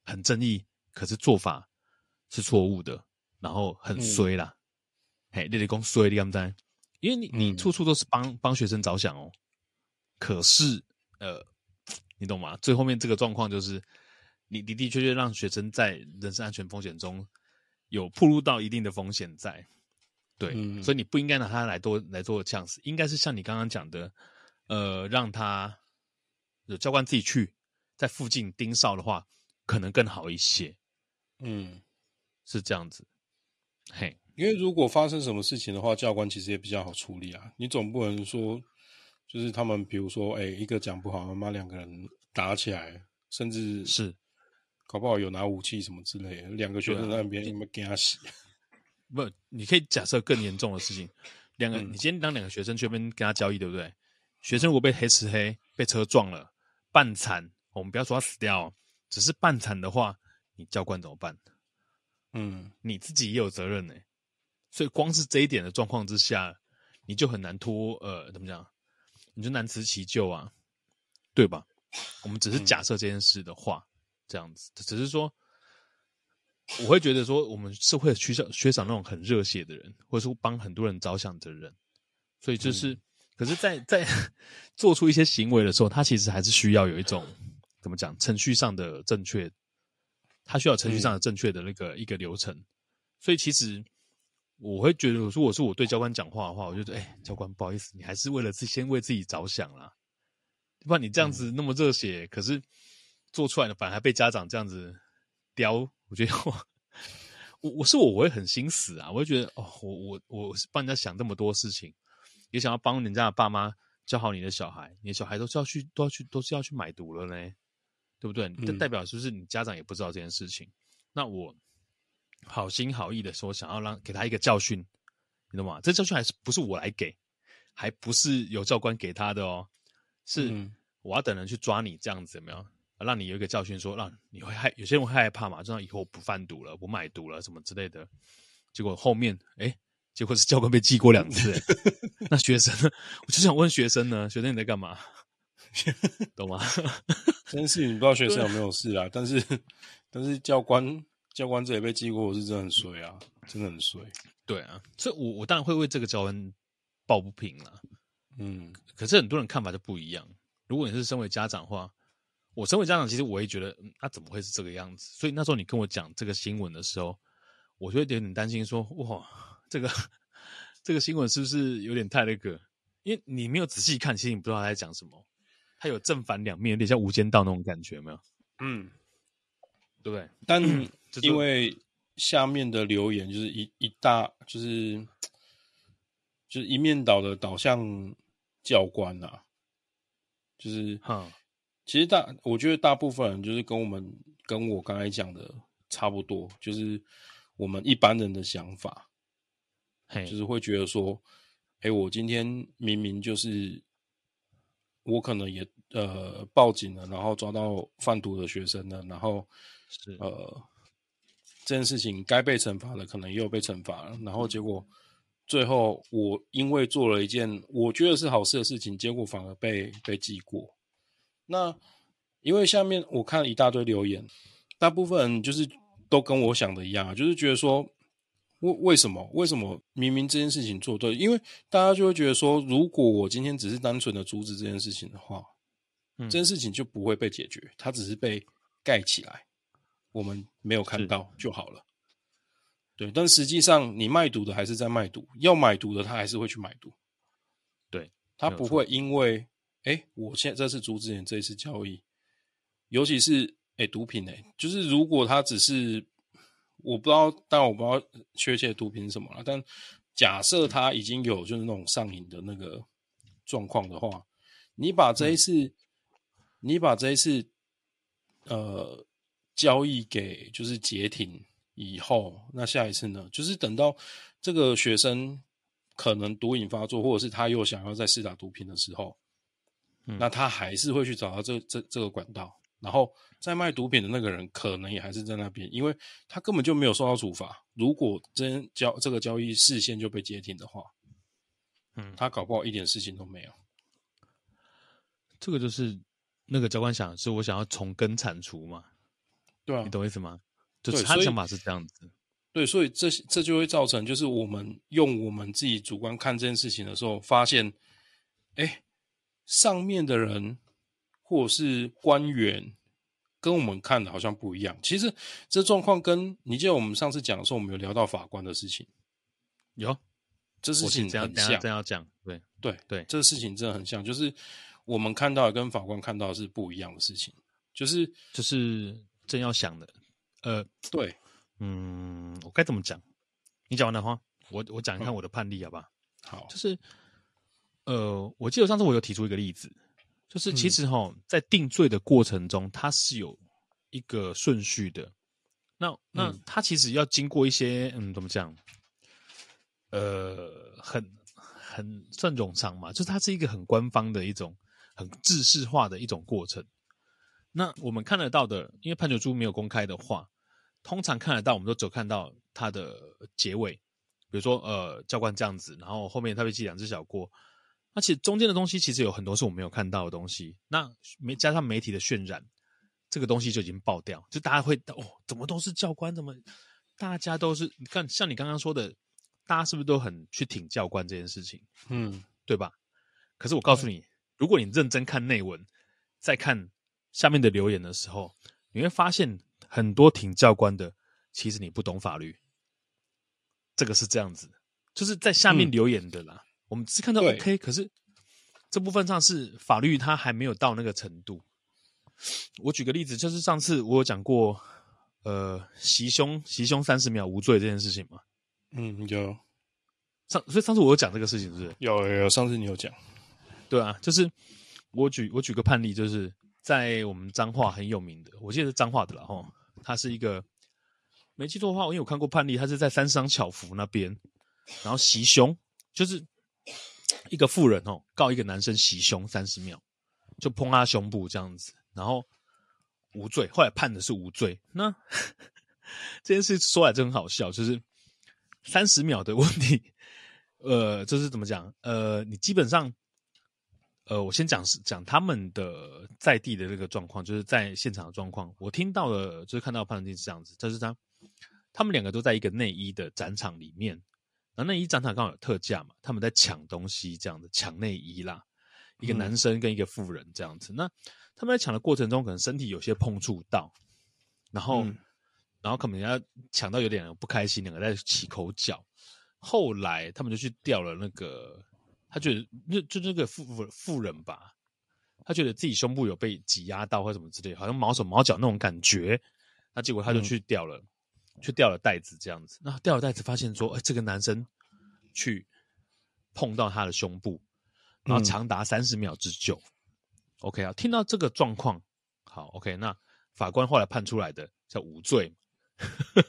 S1: 很正義，可是做法是錯誤的，然後很衰啦，哎、嗯，得立功衰立剛哉，因為你、嗯、你處處都是幫幫學生着想哦，可是呃，你懂嗎？最後面這個狀況就是，你，你的的確確讓學生在人身安全風險中有暴露到一定的風險在。對、嗯，所以你不應該拿他來多來做這樣子，應該是像你剛剛講的，呃，讓他有教官自己去在附近盯梢的話，
S2: 可能更好一些。嗯，是這樣子。嘿，因為如果發生什麼事情的話，教官其實也比較好處理啊。你總不能說，就是他們比如說，哎，一個講不好，媽媽兩個人打起來，甚至是搞不好有拿武器什麼之類的，兩個學生那邊他媽他死。
S1: 不，你可以假設更嚴重的事情。兩個，你今天當兩個學生去那邊跟他交易，對不對、嗯？學生如果被黑吃黑，被車撞了，半殘，我們不要說他死掉，只是半殘的話，你教官怎麼辦？嗯，你自己也有責任呢、欸。所以光是這一點的狀況之下，你就很難脫，呃，怎麼講？你就難辭其咎啊，對吧？我們只是假設這件事的話、嗯，這樣子，只是說。我會覺得說，我們是會缺少缺少那種很熱血的人，或者說幫很多人着想的人。所以就是，嗯、可是在，在在做出一些行為的時候，他其實還是需要有一種怎麼講，程序上的正確，他需要程序上的正確的那個一個流程。嗯、所以其實我會覺得，如果是我對教官講話的話，我就覺得哎，教官不好意思，你還是為了自先為自己着想啦。不然你這樣子那麼熱血，嗯、可是做出來的反而還被家長這樣子，雕，我覺得我我，我是我，我會很心死啊！我會覺得哦，我我我幫人家想這麼多事情，也想要幫人家的爸媽教好你的小孩，你的小孩都是要去都要去都是要去買毒了呢，對不對？嗯、這代表就是，是你家長也不知道這件事情，那我好心好意的說想要讓給他一個教訓，你懂嗎？這教訓還是不是我來給，還不是有教官給他的哦，是我要等人去抓你這樣子，怎麼樣？讓你有一個教訓說，說讓你會害有些人會害怕嘛，就像以後我不販毒了，不買毒了，什麼之類的。結果後面，哎，結果是教官被記過兩次，欸。 那學生，我就想問學生呢，學生你在
S2: 幹嘛？ 懂嗎？真是，你不知道學生有沒有事啊？但是，但是教官教官這也被記過，我是真的很衰啊，嗯，真的很衰。對
S1: 啊，所以我我當然會為這個教官抱不平啦。嗯，可是很多人看法就不一樣。如果你是身為家長的話，我身為家長，其實我也覺得他、嗯啊、怎麼會是這個樣子？所以那時候你跟我講這個新聞的時候，我就有點擔心說，說哇，這個這個新聞是不是有點太那個？因為你沒有仔細看，其實你不知道他在講什麼。他有正反兩面，有點像《無間道》那種感覺，有沒有？嗯，
S2: 對。但因為下面的留言就是一一大，就是就是一面倒的導向教官啊，就是。嗯其實大，我覺得大部分人就是跟我們跟我剛才講的差不多，就是我們一般人的想法，嘿，就是會覺得說，誒、欸，我今天明明就是，我可能也呃報警了，然後抓到販毒的學生了，然後是呃這件事情該被懲罰的可能又被懲罰了，然後結果最後我因為做了一件我覺得是好事的事情，結果反而被被記過。那，因為下面我看一大堆留言，大部分人就是都跟我想的一樣，就是覺得說，為為什麼為什麼明明這件事情做對？因為大家就會覺得說，如果我今天只是單純的阻止這件事情的話，這件事情就不會被解決，它只是被蓋起來，我們沒有看到就好了。對，但實際上你賣毒的還是在賣毒，要買毒的他還是會去買毒，對，他不會因為。誒，我現在是阻止你這一次交易，尤其是誒毒品哎，就是如果他只是我不知道，但我不知道確切毒品是什麼了。但假設他已經有就是那種上癮的那個狀況的話，你把這一次，嗯、你把這一次，呃，交易給就是截停以後，那下一次呢？就是等到這個學生可能毒癮發作，或者是他又想要再試打毒品的時候。嗯、那他還是會去找到這這這個管道，然後在賣毒品的那個人可能也還是在那邊，因為他根本就沒有受到處罰。如果真交這個交易視線就被截停的話，嗯，他搞不好一點事情都沒有。
S1: 這個就是那個教官想的是我想要從根鏟除嘛？對啊，你懂我意思嗎？
S2: 就他想法是這樣子。對，所以這這就會造成，就是我們用我們自己主觀看這件事情的時候，發現，哎、欸。上面的人，或是官員，跟我們看的好像不一樣。其實這狀況跟你記得我們上次講的時候，我們有聊到法官的事情。有，這事情很像，真要講，對對對，這事情真的很像，就是我們看到的跟法官看到的是不一樣的事情。就是就是真要想的，呃，對，嗯，我該怎麼講？你講完的話，
S1: 我我講一下我的判例，嗯、好不好？好，就是。呃，我記得上次我有提出一個例子，就是其實哈、嗯，在定罪的過程中，它是有一個順序的。那那它其實要經過一些，嗯，嗯，怎麼講？呃，很很算冗長嘛，就是它是一個很官方的一種、很制式化的一種過程。那我們看得到的，因為判決書沒有公開的話，通常看得到，我們都只看到它的結尾，比如說呃，教官這樣子，然後後面他被記兩支小過。而且中間的東西其實有很多是我沒有看到的東西，那沒加上媒體的渲染，這個東西就已經爆掉，就大家會哦，怎麼都是教官，怎麼大家都是，你看，像你剛剛說的，大家是不是都很去挺教官這件事情？嗯，對吧？可是我告訴你、嗯，如果你認真看內文，再看下面的留言的時候，你會發現很多挺教官的，其實你不懂法律，這個是這樣子，就是在下面留言的啦。嗯我們只看到 OK，可是這部分上是法律，它還沒有到那個程度。我舉個例子，就是上次我有講過，呃，襲胸襲胸三十秒無罪這件事情嘛。嗯，有。上所以上次我有講這個事情是不是？有有，有，上次你有講。對啊，就是我舉我舉個判例，就是在我們彰化很有名的，我記得是彰化的啦吼，他是一個沒記錯的話，我因為有看過判例，他是在三商巧福那邊，然後襲胸就是。一個婦人哦，告一個男生襲胸三十秒，就碰他胸部這樣子，然後無罪，後來判的是無罪。那呵呵這件事說來真很好笑，就是三十秒的問題，呃，就是怎麼講？呃，你基本上，呃，我先講講他們的在地的那個狀況，就是在現場的狀況。我聽到的就是看到判定是這樣子，就是他，他們兩個都在一個內衣的展場裡面。內衣展場剛好有特價嘛，他們在搶東西，這樣子搶內衣啦。
S2: 一個男
S1: 生跟一個婦人這樣子，嗯、那他們在搶的過程中，可能身體有些碰觸到，然後、嗯，然後可能人家搶到有點不開心，兩個在起口角。後來他們就去告了那個，他覺得就就那個婦婦婦人吧，他覺得自己胸部有被擠壓到或什麼之類，好像毛手毛腳那種感覺，那結果他就去告了、嗯。卻掉了袋子，這樣子。那掉了袋子，發現說，哎、欸，這個男生去碰到他的胸部，然後長達三十秒之久、嗯。OK 啊，聽到這個狀況，好，OK。那法官後來判出來的叫無罪，呵呵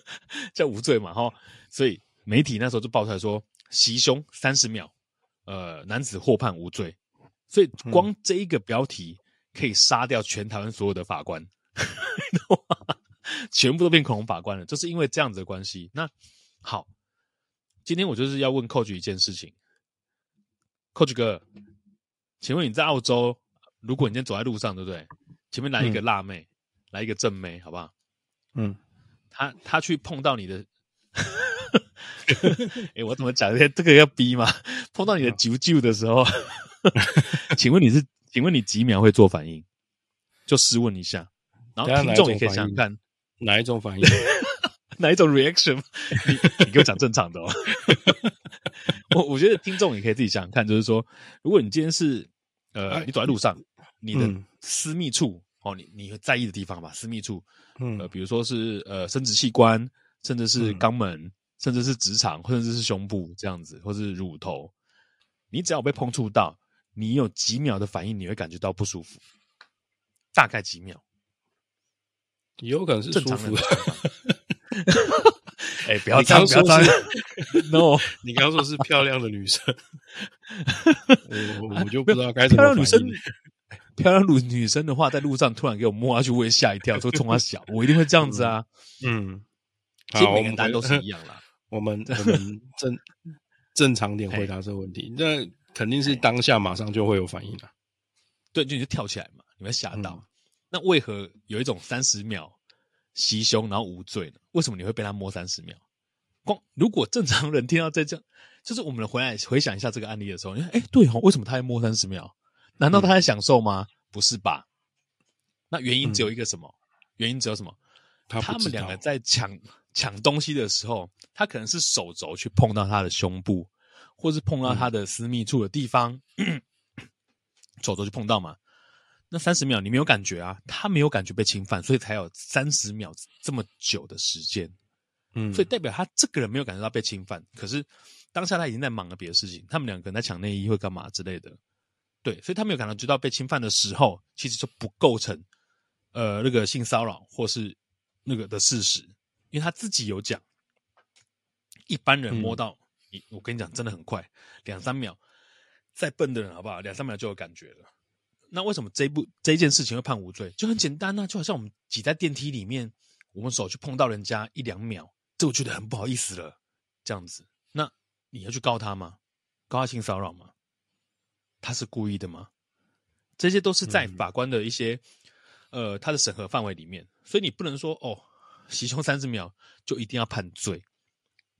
S1: 叫無罪嘛，哈。所以媒體那時候就爆出來說，襲胸三十秒，呃，男子獲判無罪。所以光這一個標題可以殺掉全台灣所有的法官。嗯 全部都變恐龍法官了，就是因為這樣子的關係。那好，今天我就是要問 Coach 一件事情，Coach 哥，請問你在澳洲，如果你今天走在路上，對不對？前面來一個辣妹，嗯、來一個正妹，好不好？嗯，他他去碰到你的， 哎、欸，我怎麼講？這個要逼嗎？碰到你的啾啾的時候， 請問你是，請問你幾秒會做反應？就試問一下，然後聽眾也可以想想看。哪一種反應？ 哪一種 reaction？ 你你給我講正常的哦。我 我覺得聽眾也可以自己想想看，就是說，如果你今天是呃，你走在路上，你的私密處哦，你你會在意的地方吧，私密處，呃，比如說是呃生殖器官，甚至是肛門，甚至是直腸，或者是胸部這樣子，或者是乳頭，你只要被碰觸到，你有幾秒的反應，你會感覺到不舒服，大概幾秒？也有可能是舒服的。哎，不要這樣，不要是 no，你
S2: 剛說是漂亮的女生， 我我就不知道該怎麼反應。
S1: 漂亮女生， 女生的話，在路上突然給我摸下去，我也嚇一跳，說衝她小笑，我一定會這樣子啊。
S2: 嗯，
S1: 好，我們都是一樣啦。我們，
S2: 可我，們 我們正正常點回答這個問題，欸，那肯定是當下馬上就會有反應啦，啊欸。對，就你就跳起來嘛，你會嚇到，嗯。
S1: 那為何有一種三十秒襲胸然後無罪呢？為什麼你會被他摸三十秒？光如果正常人聽到在這樣，就是我們回來回想一下這個案例的時候，你說：“哎，對哦，為什麼他在摸三十秒？難道他在享受嗎、嗯？不是吧？那原因只有一個什麼？嗯、原因只有什麼？他，他們兩個在搶搶東西的時候，他可能是手肘去碰到他的胸部，或是碰到他的私密處的地方，嗯、 手肘去碰到嘛。”那三十秒你沒有感覺啊，他沒有感覺被侵犯，所以才有三十秒這麼久的時間，嗯，所以代表他這個人沒有感覺到被侵犯。可是當下他已經在忙了別的事情，他們兩個人在搶內衣或幹嘛之類的，對，所以他沒有感覺到被侵犯的時候，其實就不構成呃那個性騷擾或是那個的事實，因為他自己有講，一般人摸到，嗯、我跟你講真的很快，兩三秒，再笨的人好不好，兩三秒就有感覺了。那為什麼這一部這一件事情會判無罪？就很簡單啊，就好像我們擠在電梯裡面，我們手去碰到人家一兩秒，這我覺得很不好意思了。這樣子，那你要去告他嗎？告他性騷擾嗎？他是故意的嗎？這些都是在法官的一些、嗯、呃他的審核範圍裡面，所以你不能說哦，襲胸三十秒就一定要判罪。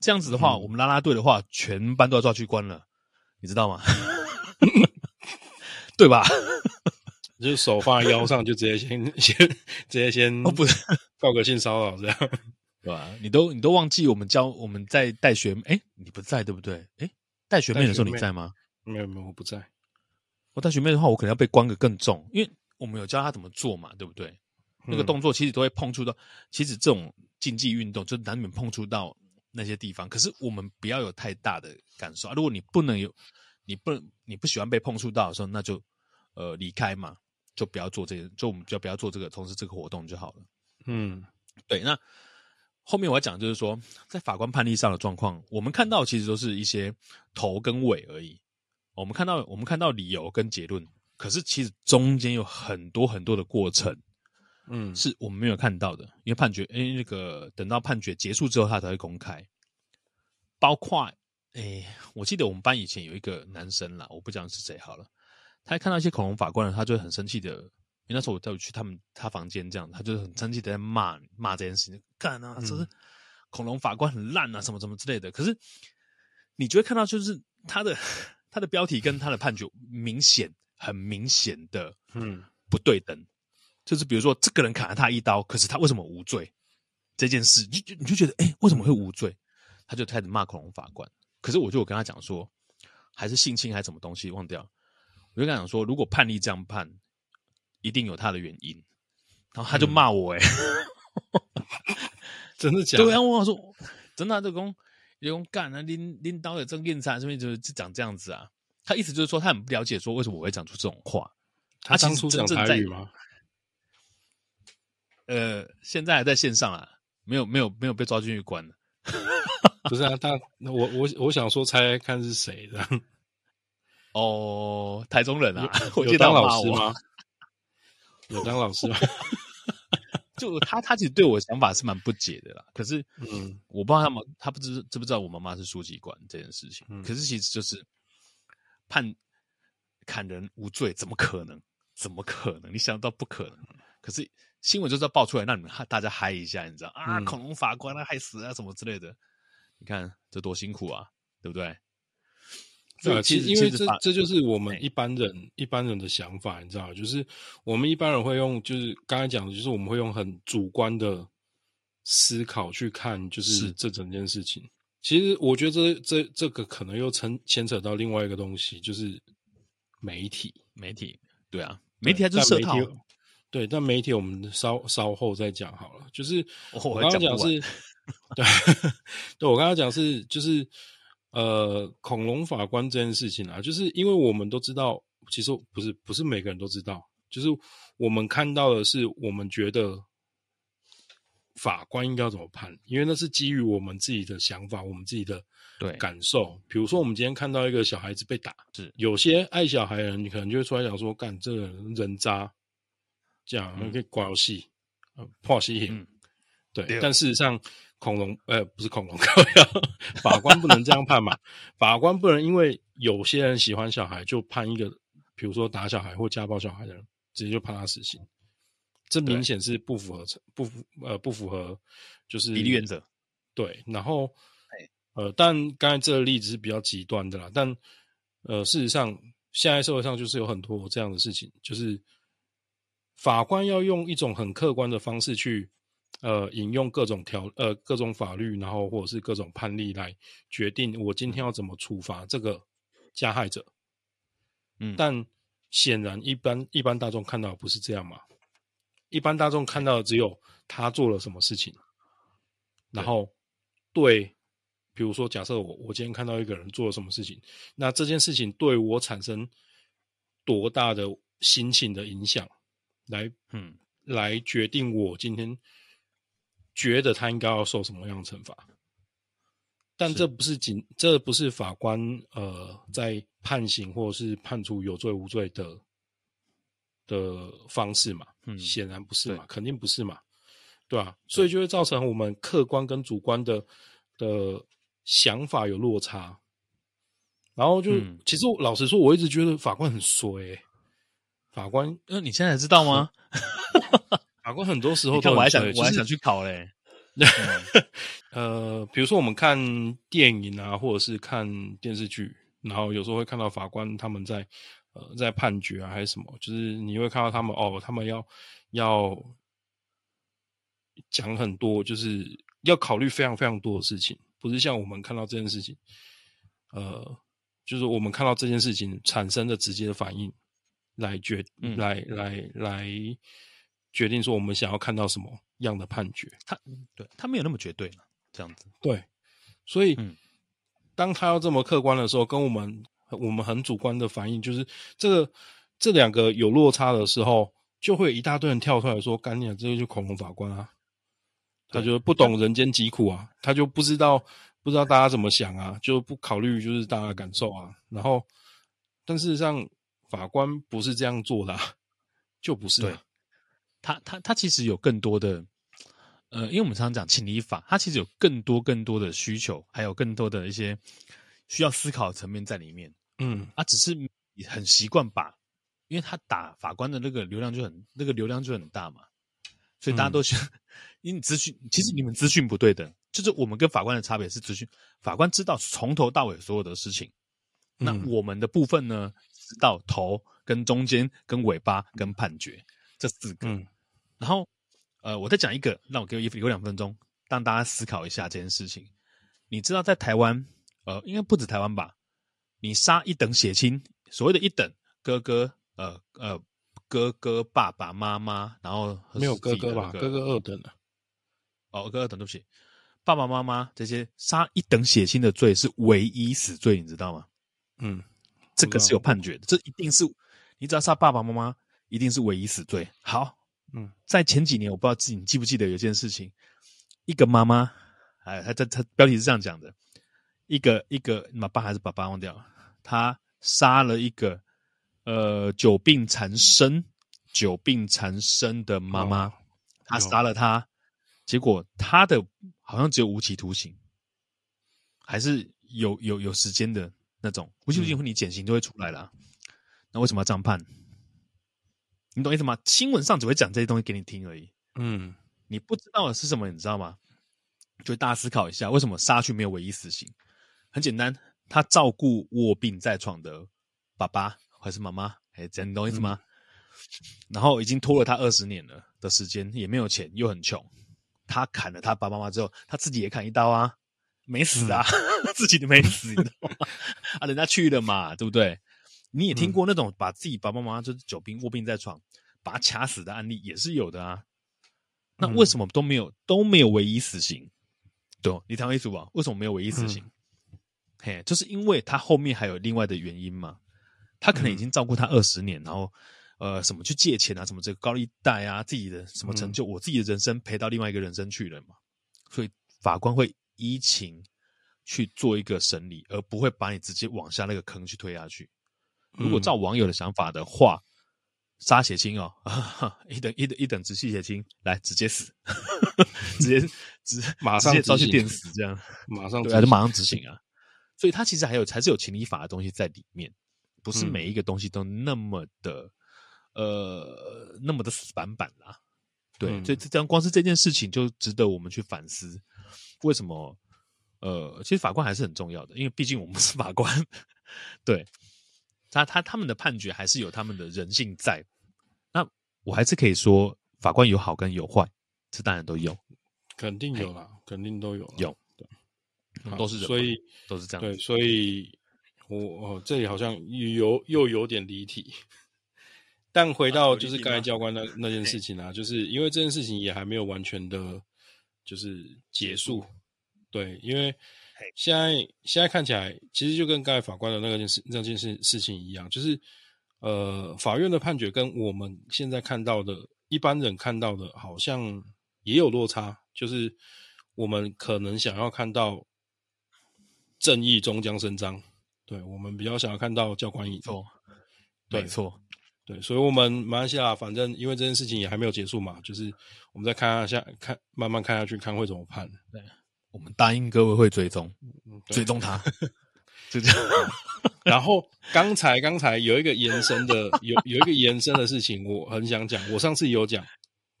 S1: 這樣子的話，嗯、我們拉拉隊的話，全
S2: 班都要抓去關了，你知道嗎？ 對吧？就是手放在腰上，就直接先 先直接先哦，不是，告個性騷擾這樣， 對
S1: 吧、啊？你都你都忘記我們教我們在帶學妹、欸，你不在對不對？哎、欸，帶學妹的時候你在嗎？沒有沒有，我不在。我帶學妹的話，我可能要被關個更重，因為我們有教她怎麼做嘛，對不對、嗯？那個動作其實都會碰觸到，其實這種競技運動就難免碰觸到那些地方。可是我們不要有太大的感受啊！如果你不能有，你不能你不喜歡被碰觸到的時候，那就呃離開嘛。就不要做這些，就我們就不要做這個，從事這個活動就好了。嗯，對。那後面我要講，就是說，在法官判例上的狀況，我們看到其實都是一些頭跟尾而已。我們看到，我們看到理由跟結論，可是其實中間有很多很多的過程，嗯，是我們沒有看到的。因為判決，誒，那個等到判決結束之後，他才會公開。包括，哎、欸，我記得我們班以前有一個男生啦，我不講是誰好了。他一看到一些恐龍法官他就很生氣的。因為那時候我帶我去他們他房間這樣，他就是很生氣的在罵罵這件事情，幹啊，就是恐龍法官很爛啊，什麼什麼之類的。可是你就會看到，就是他的他的標題跟他的判決明顯 很明顯的，
S3: 嗯，
S1: 不對等、嗯。就是比如說這個人砍了他一刀，可是他為什麼無罪？這件事你就，就你就覺得，哎、欸，為什麼會無罪？他就開始罵恐龍法官。可是我就有跟他講說，還是性侵還是什麼東西，忘掉。我就跟他講說，如果判例這樣判，一定有他的原因。然後他就罵我、欸，哎、嗯， 真的假的？的 對啊，我說，真的這、啊、講，有講幹拎刀的導有爭議才這邊就是講這樣子啊。他意思就是說，他很不了解，說為什麼我會講出這種話。他當初講台語嗎真
S2: 在？
S1: 呃，現在還在線上啊，沒有沒有沒有被抓進去關的。 不是啊，他我我我想說猜猜看是誰的。哦，台中人啊，我有當老師嗎？有當老師嗎？ 師嗎 就他，他其實對我想法是蠻不解的啦。可是，嗯，我不知道他們、嗯，他不知知不知道我媽媽是書記官這件事情。嗯、可是，其實就是判砍人無罪，怎麼可能？怎麼可能？你想到不可能，可是新聞就是要爆出來讓你們大家嗨一下，你知道啊？恐龍法官啊，害死啊，什麼之類的。
S2: 你看這多辛苦啊，對不對？對，其實因為這這就是我們一般人，一般人的想法，你知道嗎？就是我們一般人會用，就是剛才講的，就是我們會用很主觀的思考去看，就是這整件事情。其實我覺得這這這個可能又牽牽扯到另外一個東西，就是媒體，媒體，對啊，對媒體還是社交，對，但媒體我們稍稍後再講好了。就是我剛剛講是，哦、
S3: 講，對，
S2: 對我剛剛講是，就是。呃，恐龍法官這件事情啊，就是因為我們都知道，其實不是不是每個人都知道，就是我們看到的是我們覺得法官應該要怎麼判，因為那是基於我們自己的想法，我們自己的感受。比如說，我們今天看到一個小孩子被打，是有些愛小孩的人，你可能就會出來講說，幹這人，人渣，這樣可以玩遊戲啊，泡、嗯、戲、嗯，對，但事實上。恐龍，呃、欸，不是恐龍， 法官不能這樣判嘛？ 法官不能因為有些人喜歡小孩，就判一個，比如說打小孩或家暴小孩的人，直接就判他死刑，這明顯是不符合不符、呃不符合，就是比例原則對。然後，呃，但剛才這個例子是比較極端的啦，但呃，事實上現在社會上就是有很多這樣的事情，就是法官要用一種很客觀的方式去。呃，引用各種條呃各種法律，然後或者是各種判例來決定我今天要怎麼處罰這個加害者。嗯，但顯然一般一般大眾看到不是這樣嘛？一般大眾看到的只有他做了什麼事情，嗯，然後對，比如說假設我我今天看到一個人做了什麼事情，那這件事情對我產生多大的心情的影響，來嗯來決定我今天。覺得他應該要受什麼樣的懲罰？但這不是僅，這不是法官呃在判刑或者是判處有罪無罪的的方式嘛？嗯，顯然不是嘛，肯定不是嘛，對啊，所以就會造成我們客觀跟主觀的的想法有落差。然後就，嗯、其實我老實說，我一直覺得法官很衰、欸。法官，那、呃、你現在還知道嗎？哈、嗯、哈 法官很多時候，我還想，我還想去考嘞、就是嗯。呃，比如說我們看電影啊，或者是看電視劇，然後有時候會看到法官他們在呃，在判決啊，還是什麼，就是你會看到他們哦，他們要要講很多，就是要考慮非常非常多的事情，不是像我們看到這件事情，呃，就是我們看到這件事情產生的直接的反應來決來來來。嗯來來來決定說我們想要看到什麼樣的判決？他對，他沒有那麼絕對這樣子，對。所以、嗯、當他要這麼客觀的時候，跟我們我們很主觀的反應，就是這個這兩個有落差的時候，就會有一大堆人跳出來說：“幹啊，這個就恐龍法官啊，他就不懂人間疾苦啊，他就不知道、嗯、不知道大家怎麼想啊，就不考慮就是大家的感受啊。”然後，但事實上法官不是這樣做的、啊，就不是的。他他他其實有更多的，呃，因為我
S1: 們常常講情理法，他其實有更多更多的需求，還有更多的一些需要思考的層面在裡面。嗯，啊，只是很習慣把，因為他打法官的那個流量就很那個流量就很大嘛，所以大家都喜歡、嗯。因為資訊，其實你們資訊不對的，就是我們跟法官的差別是資訊。法官知道從頭到尾所有的事情，嗯、那我們的部分呢，到頭跟中間跟尾巴跟判決這四個。嗯然後，呃，我再講一個，讓我給我留兩分鐘，讓大家思考一下這件事情。你知道，在台灣，呃，應該不止台灣吧？你殺一等血親，所謂的一等哥哥，呃呃，哥哥爸爸媽媽，然後和沒有哥哥吧？哥哥二等。哦，哥哥二等，對不起，爸爸媽媽這些殺一等血親的罪是唯一死罪，你知道嗎？嗯，這個是有判決的，這一定是你只要殺爸爸媽媽，一定是唯一死罪。好。嗯，在前幾年，我不知道自己你記不記得有件事情，一個媽媽，哎，他他他，標題是這樣講的，一個一個媽爸還是爸爸忘掉了，他殺了一個，呃，久病纏身，久病纏身的媽媽，他、哦、殺了他、哦，結果他的好像只有無期徒刑，還是有有有時間的那種無期徒刑，你減刑就會出來了、嗯，那為什麼要這樣判？你懂意思嗎？新聞上只會講這些東西給你聽而已。嗯，你不知道的是什麼，你知道嗎？就大家思考一下，為什麼殺去沒有唯一死刑？很簡單，他照顧臥病在床的爸爸還是媽媽。欸、這樣，你懂意思嗎？嗯、然後已經拖了他二十年了的時間，也沒有錢，又很窮。他砍了他爸爸媽媽之後，他自己也砍一刀啊，沒死啊，死啊 自己沒死， 啊，人家去了嘛，對不對？你也聽過那種把自己爸爸媽媽就是久病臥病在床、嗯，把他掐死的案例也是有的啊。那為什麼都沒有、嗯、都沒有唯一死刑？嗯、對，你懂我意思吧，為什麼沒有唯一死刑？嘿、嗯，hey, 就是因為他後面還有另外的原因嘛。他可能已經照顧他二十年、嗯，然後呃，什麼去借錢啊，什麼這個高利貸啊，自己的什麼成就，嗯、我自己的人生賠到另外一個人生去了嘛。所以法官會依情去做一個審理，而不會把你直接往下那個坑去推下去。如果照網友的想法的話，殺、嗯、血親哦呵呵，一等一等一等直系血親，來直接死，直接直接，直馬上直接抓去電死這樣，馬上對、啊，就馬上執行啊。 所以，他其實還有還是有情理法的東西在裡面，不是每一個東西都那麼的、嗯、呃那麼的死板板啦、啊。對、嗯，所以這樣光是這件事情就值得我們去反思，為什麼？呃，其實法官還是很重要的，因為畢竟我們是法官， 對。他他他們的判決還是有他們的人性在，那我還是可以說法官有好跟有壞，這當然都有，
S2: 肯定有啦，欸、肯定都有有對，嗯，都是所以都是這樣對，所以我我、哦，這裡好像有又有點離題， 但回到就是剛才教官那那件事情啊，就是因為這件事情也還沒有完全的，就是結束，對，因為。現在現在看起來，其實就跟剛才法官的，那個，那件事，那件事事情一樣，就是，呃，法院的判決跟我們現在看到的，一般人看到的，好像也有落差。就是我們可能想要看到正義終將伸張，對，我們比較想要看到教官贏。錯，
S1: 沒錯，
S2: 對，所以，我們馬來西亞反正因為這件事情也還沒有結束嘛，就是我們再看下看，慢慢看下去，看會怎麼判。對。
S1: 我們答應各位會追蹤，追蹤他， 就這
S2: 樣。 然後剛才剛才有一個延伸的， 有有一個延伸的事情，我很想講。我上次有講，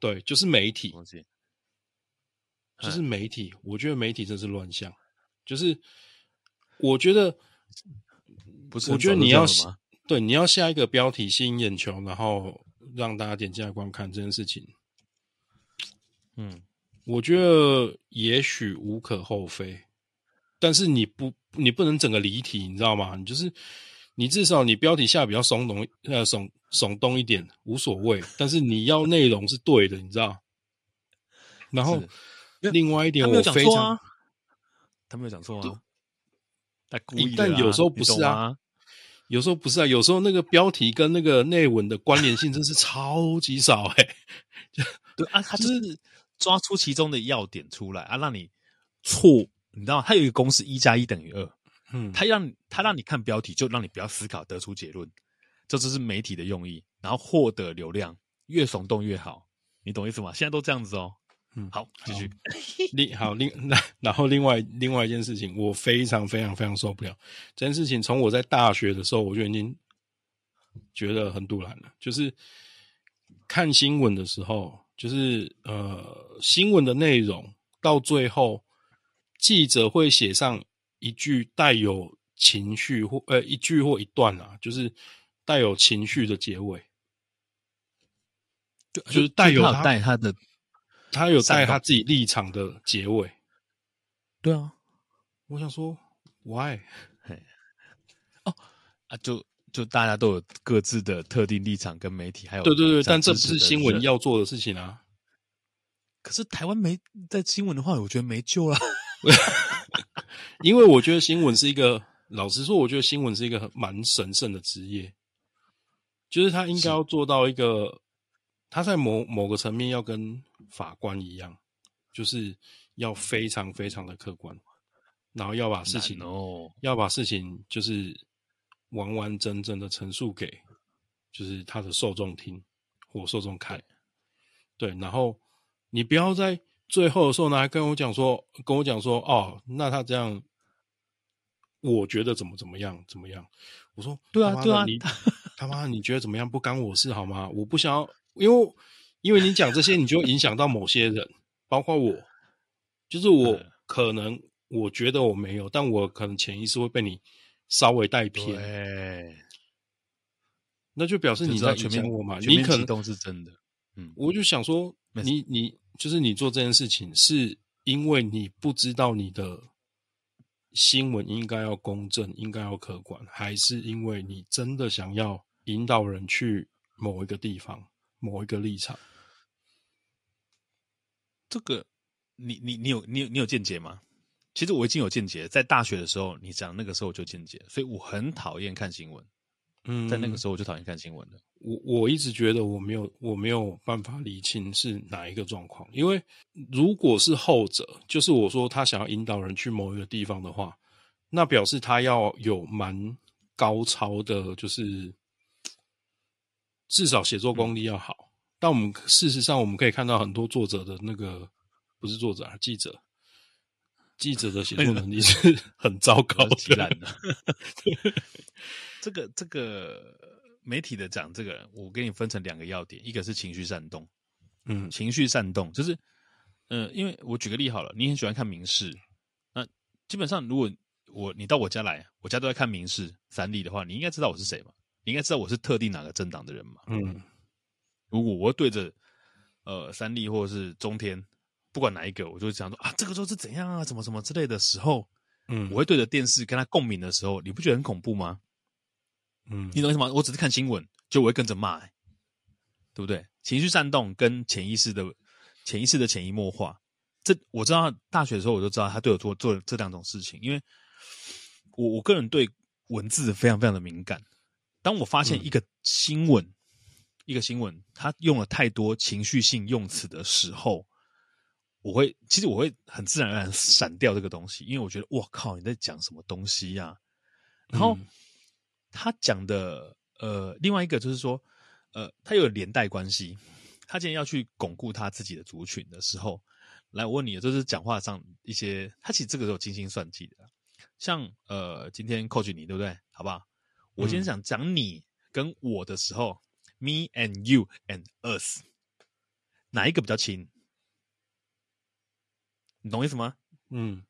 S2: 對，就是媒體， 就是媒體。 我覺得媒體真是亂象，就是我覺得不是，我覺得你要對你要下一個標題吸引眼球，然後讓大家點進來觀看這件事情，嗯。我覺得也許無可厚非，但是你不，你不能整個離題，你知道嗎？你就是，你至少你標題下比較聳動，呃，聳聳動一點無所謂，但是你要內容是對的，你知道。然後，另外一點，我非常，他沒有講錯啊。他沒有講錯啊，他故意的啊。但有時候不是啊，有時候不是啊，有時候不是啊，有時候那個標題跟那個內文的關聯性真是超級少哎、欸。 對啊、就是，他就是。抓出其中的要點
S1: 出來啊，讓你錯，你知道嗎？它有一個公式：一加一等於二。嗯，它讓它讓你看標題，就讓你不要思考，得出結論，這就是媒體的用意，然後獲得流量，越聳動越好，你懂意思嗎？現在都這樣子哦、喔。嗯，好，繼續。
S2: 好， 好，另那然後另外，另外一件事情，我非常非常非常受不了這件事情。從我在大學的時候，我就已經覺得很賭爛了，就是看新聞的時候。就是呃，新聞的內容到最後，記者會寫上一句帶有情緒或呃、欸、一句或一段啊，就是帶有情緒的結尾，就、就是帶有帶他，他，他的，他有帶他自己立場的結尾。對啊，我想說，why？哦、Hey.
S1: Oh. 啊，啊就。就大家都有各自的特定立場跟媒體，還有對對對，但這不是新聞
S2: 要做的事情啊。
S1: 可是台灣沒在新聞
S2: 的話，我覺得沒救了、啊。 因為我覺得新聞是一個，老實說，我覺得新聞是一個蠻神聖的職業，就是他應該要做到一個，他在某某個層面要跟法官一樣，就是要非常非常的客觀，然後要把事情，哦、要把事情就是。完完整整的陳述給，就是他的受眾聽或我受眾看，對。然後你不要在最後的時候呢，還跟我講說，跟我講說，哦，那他這樣，我覺得怎麼怎麼樣，怎麼樣？我說，對啊，媽媽對啊，你他媽媽，你覺得怎麼樣？不干我事好嗎？我不想要，因為因為你講這些，你就影響到某些人， 包括我，就是我可能我覺得我沒有，嗯，但我可能潛意識會被你。稍微帶偏，那就表示就知道你在我全面抹嘛，你可能。全面激動是真的。嗯，我就想說，嗯、你你就是你做這件事情，是因為你不知道你的新聞應該要公正、應該要客觀，還是因為你真的想要引導人去某一個地方、某一個立場？這
S1: 個，你你你有你有你有見解嗎？其實我已經有見解，在大學的時候，你講那個時候我就見解，所以我很討厭看新聞。
S2: 嗯，在那個時
S1: 候我就討厭看新聞的、嗯。
S2: 我我一直覺得我沒有我沒有辦法理清是哪一個狀況，因為如果是後者，就是我說他想要引導人去某一個地方的話，那表示他要有蠻高超的，就是至少寫作功力要好、嗯。但我們事實上我們可以看到很多作者的那個，不是作者啊，記者。記者的寫作能力是很糟糕的。 糟糕
S1: 這個這個媒體的講這個，我給你分成兩個要點，一個是情緒煽動，嗯，情緒煽動就是，呃，因為我舉個例好了，你很喜歡看民視，那、呃、基本上如果我你到我家來，我家都在看民視，三立的話，你應該知道我是誰嘛，你應該知道我是特定哪個政黨的人嘛，嗯，如果我對着呃三立或者是中天。不管哪一個，我就會想說啊，這個時候是怎樣啊，怎麼怎麼之類的時候，嗯，我會對着電視跟他共鳴的時候，你不覺得很恐怖嗎？
S3: 嗯，
S1: 你懂什麼？我只是看新聞，就我會跟着罵、欸，對不對？情緒煽動跟潛意識的潛意識的潛移默化，這我知道。大學的時候我就知道他對我做做這兩種事情，因為我我個人對文字非常非常的敏感。當我發現一個新聞，嗯、一個新聞他用了太多情緒性用詞的時候。我會，其實我會很自然而然閃掉這個東西，因為我覺得，哇靠，你在講什麼東西呀、啊嗯？然後他講的，呃，另外一個就是說，呃，他有連帶關係。他今天要去鞏固他自己的族群的時候，來，我問你，這、就是講話上一些，他其實這個是有精心算計的。像，呃，今天 coach 你對不對？好不好？我今天想講你跟我的時候、嗯、，me and you and us，哪一個比較親？你懂我意思嗎？嗯，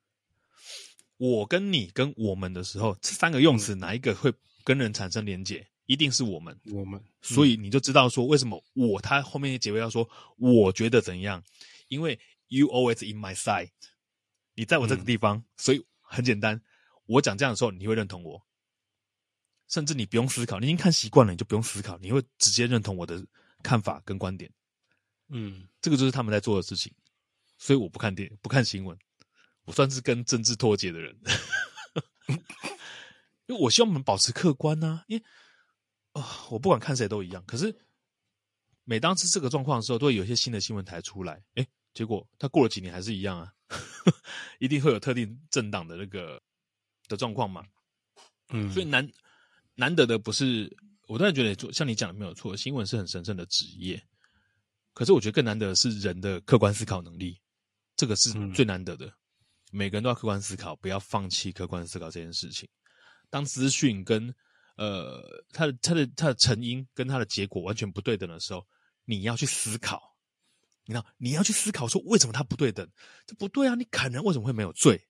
S1: 我跟你跟我們的時候，這三個用詞、嗯、哪一個會跟人產生連結？一定是我們。我們、嗯，所以你就知道說為什麼我他後面結尾要說我覺得怎樣，因為 you always in my side，你在我這個地方，嗯、所以很簡單。我講這樣的時候，你會認同我，甚至你不用思考，你已經看習慣了，你就不用思考，你會直接認同我的看法跟觀點。嗯，這個就是他們在做的事情。所以我不看電影，不看新聞，我算是跟政治脫節的人， 因為我希望我們保持客觀啊，因為啊、呃，我不管看誰都一樣。可是每當是這個狀況的時候，都會有一些新的新聞台出來。哎、欸，結果他過了幾年還是一樣啊， 一定會有特定政黨的那個的狀況嘛。嗯，所以難難得的不是，我當然覺得像你講的沒有錯，新聞是很神聖的職業。可是我覺得更難得的是人的客觀思考能力。這個是最難得的，嗯，每個人都要客觀思考，不要放棄客觀思考這件事情。當資訊跟呃，他的他的他的成因跟他的結果完全不對等的時候，你要去思考，你知道？你要去思考說為什麼他不對等？這不對啊！你砍人為什麼會沒有罪？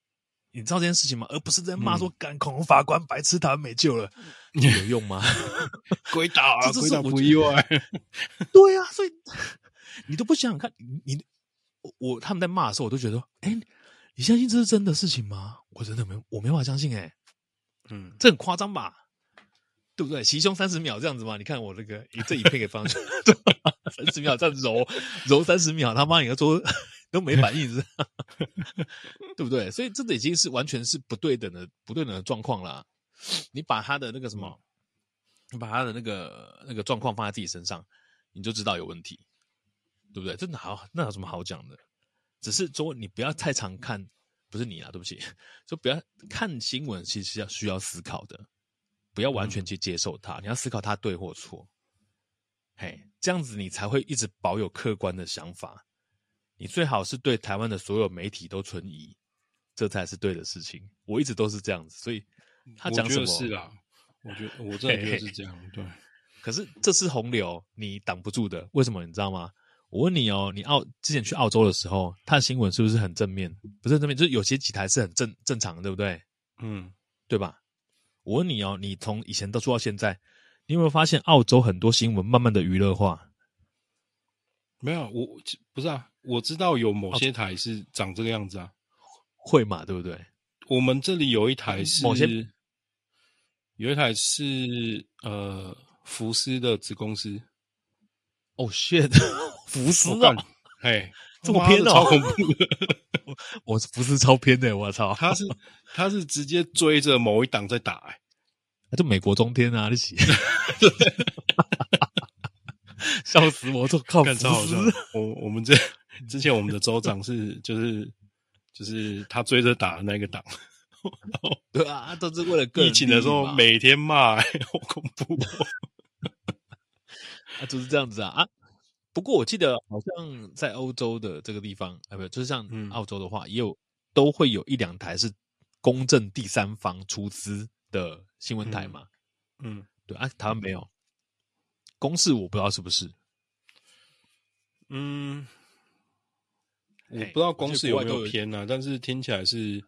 S1: 你知道這件事情嗎？而不是在罵說、嗯、幹恐龍法官白痴，他沒救了，有用嗎？ 鬼島啊，這是鬼島不意外。 對啊，所以 你都不想想看，你。我，他們在罵的時候，我都覺得說，哎，你相信這是真的事情嗎？我真的沒，我沒法相信、欸，哎，嗯，這很誇張吧？對不對？襲胸三十秒這樣子嘛？你看我這、那個，以這一片給放，三 十秒這樣揉揉三十秒，他媽你要桌都沒反應，是吧 對不對？所以這已經是完全是不對等的，不對等的狀況啦、啊。你把他的那個什麼，嗯、你把他的那個那個狀況放在自己身上，你就知道有問題。對不對？這哪有，那有什麼好講的？只是說你不要太常看，不是你啊，對不起，就不要看新聞。其實要需要思考的，不要完全去接受它。嗯，你要思考它對或錯，嘿，這樣子你才會一直保有客觀的想法。你最好是對台灣的所有媒體都存疑，這才是對的事情。我一直都是這樣子，所以他講什麼，我覺得是啦，我
S2: 覺得，我真的覺得是這樣。嘿
S1: 嘿，對，可是這是洪流，你擋不住的。為什麼？你知道嗎？我問你哦，你澳之前去澳洲的時候，它的新聞是不是很正面？不是正面，就是有些幾台是很正正常的，對不對？嗯，對吧？我問你哦，你從以前都做到現在，你有沒有發現澳洲很多新聞慢慢的娛樂化？
S2: 沒有，我不是啊，我知道有某些台是長這個樣子啊，哦、會嘛，對不對？我們這裡有一台是某些，有一台是呃福斯的子公司。哦、oh,
S1: shit。福斯啊，哎，這麼偏啊的超恐怖
S2: 我！我我不是超偏的，我操！他是他是直接追着某一黨在打，
S1: 哎，就美國中天啊，一起
S2: 笑死我！這靠福斯，超好笑。我我們這之前我們的州長是就是就是他追着打的那個黨，
S1: 對啊，都是為了疫情的時候
S2: 每天罵、欸，好恐怖，哦！
S1: 啊，就是這樣子啊，啊。不過我記得好像在歐洲的這個地方啊，不就是像澳洲的話，嗯、也有都會有一兩台是公正第三方出資的新聞台嘛。嗯，嗯對啊，他沒有，嗯、公視我不知道是不是。
S2: 嗯，我不知道公視有沒有偏啊，哎、但是聽起來是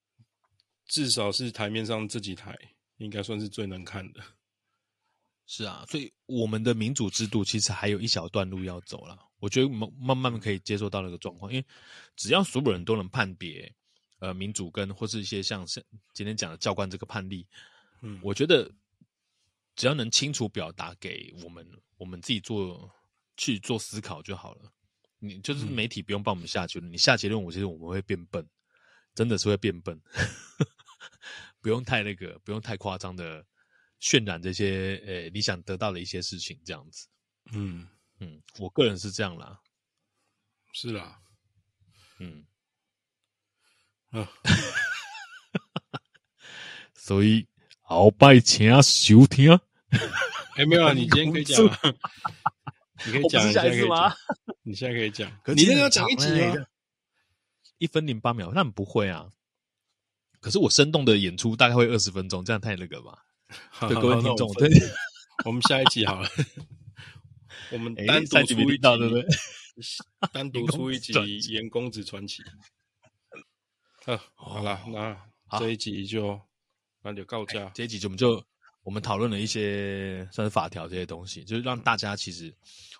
S2: 至少是台面上這幾台應該算是最難看的。是啊，所以
S1: 我們的民主制度其實還有一小段路要走了。我覺得我們慢慢慢可以接受到那個狀況，因為只要所有人都能判別，呃，民主跟或是一些像像今天講的教官這個判例，嗯，我覺得只要能清楚表達給我們，我們自己做去做思考就好了。你就是媒體不用幫我們下結論，嗯，你下結論，我其實我們會變笨，真的是會變笨， 不用太那個，不用太誇張的。渲染這些，誒、欸，你想得到的一些事情，這樣子。嗯
S3: 嗯，
S1: 我個人是這樣啦。是啦，嗯哈、啊、 所以，阿伯，請收聽。哎，沒有啊，你今天可以講。 你
S2: 可以講，現在可以講。你現在可以講。 你現在可以講 你現在要講一集？啊？
S1: 一分零八秒，那不會啊。可是我生動的演出大概會二十分鐘，這樣太那
S2: 個吧。好 各位聽眾，我，我們下一集好了， 我們單獨出一集， 欸、單獨出一集《顏 公子傳奇》 傳奇。好啦好了，那這一集就那就告假、欸。這
S1: 一集我們就我們討論了一些算是法條這些東西，就是讓大家其實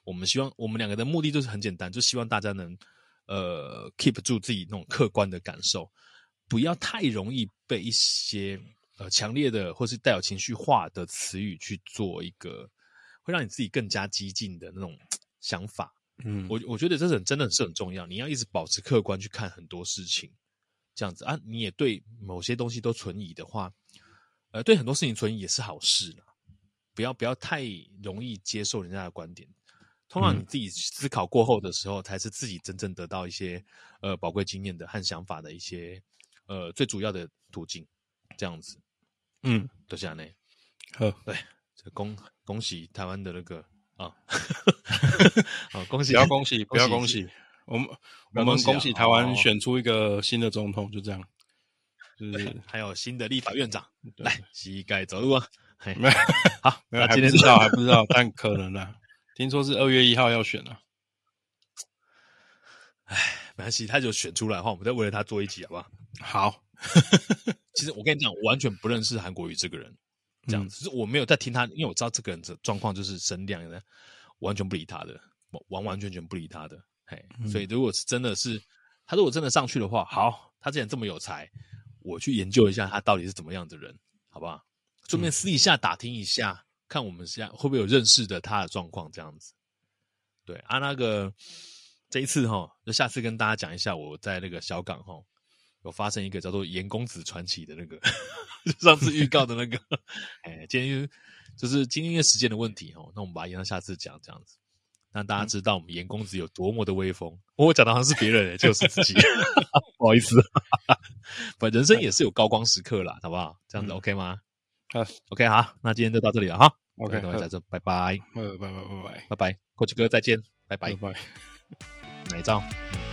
S1: 我們希望我們兩個的目的就是很簡單，就希望大家能呃 keep 住自己那種客觀的感受，不要太容易被一些。呃，強烈的或是帶有情緒化的詞語去做一個，會讓你自己更加激進的那種想法。嗯，我我覺得這是很真的是很重要。你要一直保持客觀去看很多事情，這樣子啊，你也對某些東西都存疑的話，呃，對很多事情存疑也是好事啦。不要不要太容易接受人家的觀點，通常你自己思考過後的時候，才是自己真正得到一些呃寶貴經驗的和想法的一些呃最主要的途徑，這樣子。嗯，就這樣好，對，這恭恭喜台灣的那個啊、
S2: 哦 恭喜，不要恭喜，不要恭喜，我們我們恭喜台灣選出一個新的總統，就這樣。就是
S1: 還有新的立法院長對對對來，膝蓋走路啊？沒有，好，沒有，還不知道， 還不知道，
S2: 但可能呢、啊 ，
S1: 聽說是二月一號要選了、啊、唉，沒關係，他就選出來的話，我們再為了他做一集好不好？好。 其實我跟你講，我完全不認識韓國瑜這個人，這樣子，嗯、是我沒有在聽他，因為我知道這個人的狀況就是聲量，完全不理他的，完完全全不理他的。嘿，嗯、所以如果是真的是他，如果真的上去的話，好，他之前這麼有才，我去研究一下他到底是怎麼樣的人，好不好？順便私底下打聽一下，嗯、看我們下會不會有認識的他的狀況，這樣子。對啊，那個這一次哈，就下次跟大家講一下我在那個小港哈。有發生一個叫做“嚴公子傳奇”的那個， 上次預告的那個， 哎，今天就是、就是、今天的時間的問題哦。那我們把它延到下次講，這樣子，讓大家知道我們嚴公子有多麼的威風。我講的好像是別人，哎，就是自己， 不好意思。反正人生也是有高光時刻啦，好不好？這樣子 OK 嗎、嗯、okay？OK 好。那今天就到這裡了哈。OK，大家再見，拜拜，拜拜拜拜拜拜，郭志哥再見，拜拜拜拜，買賬。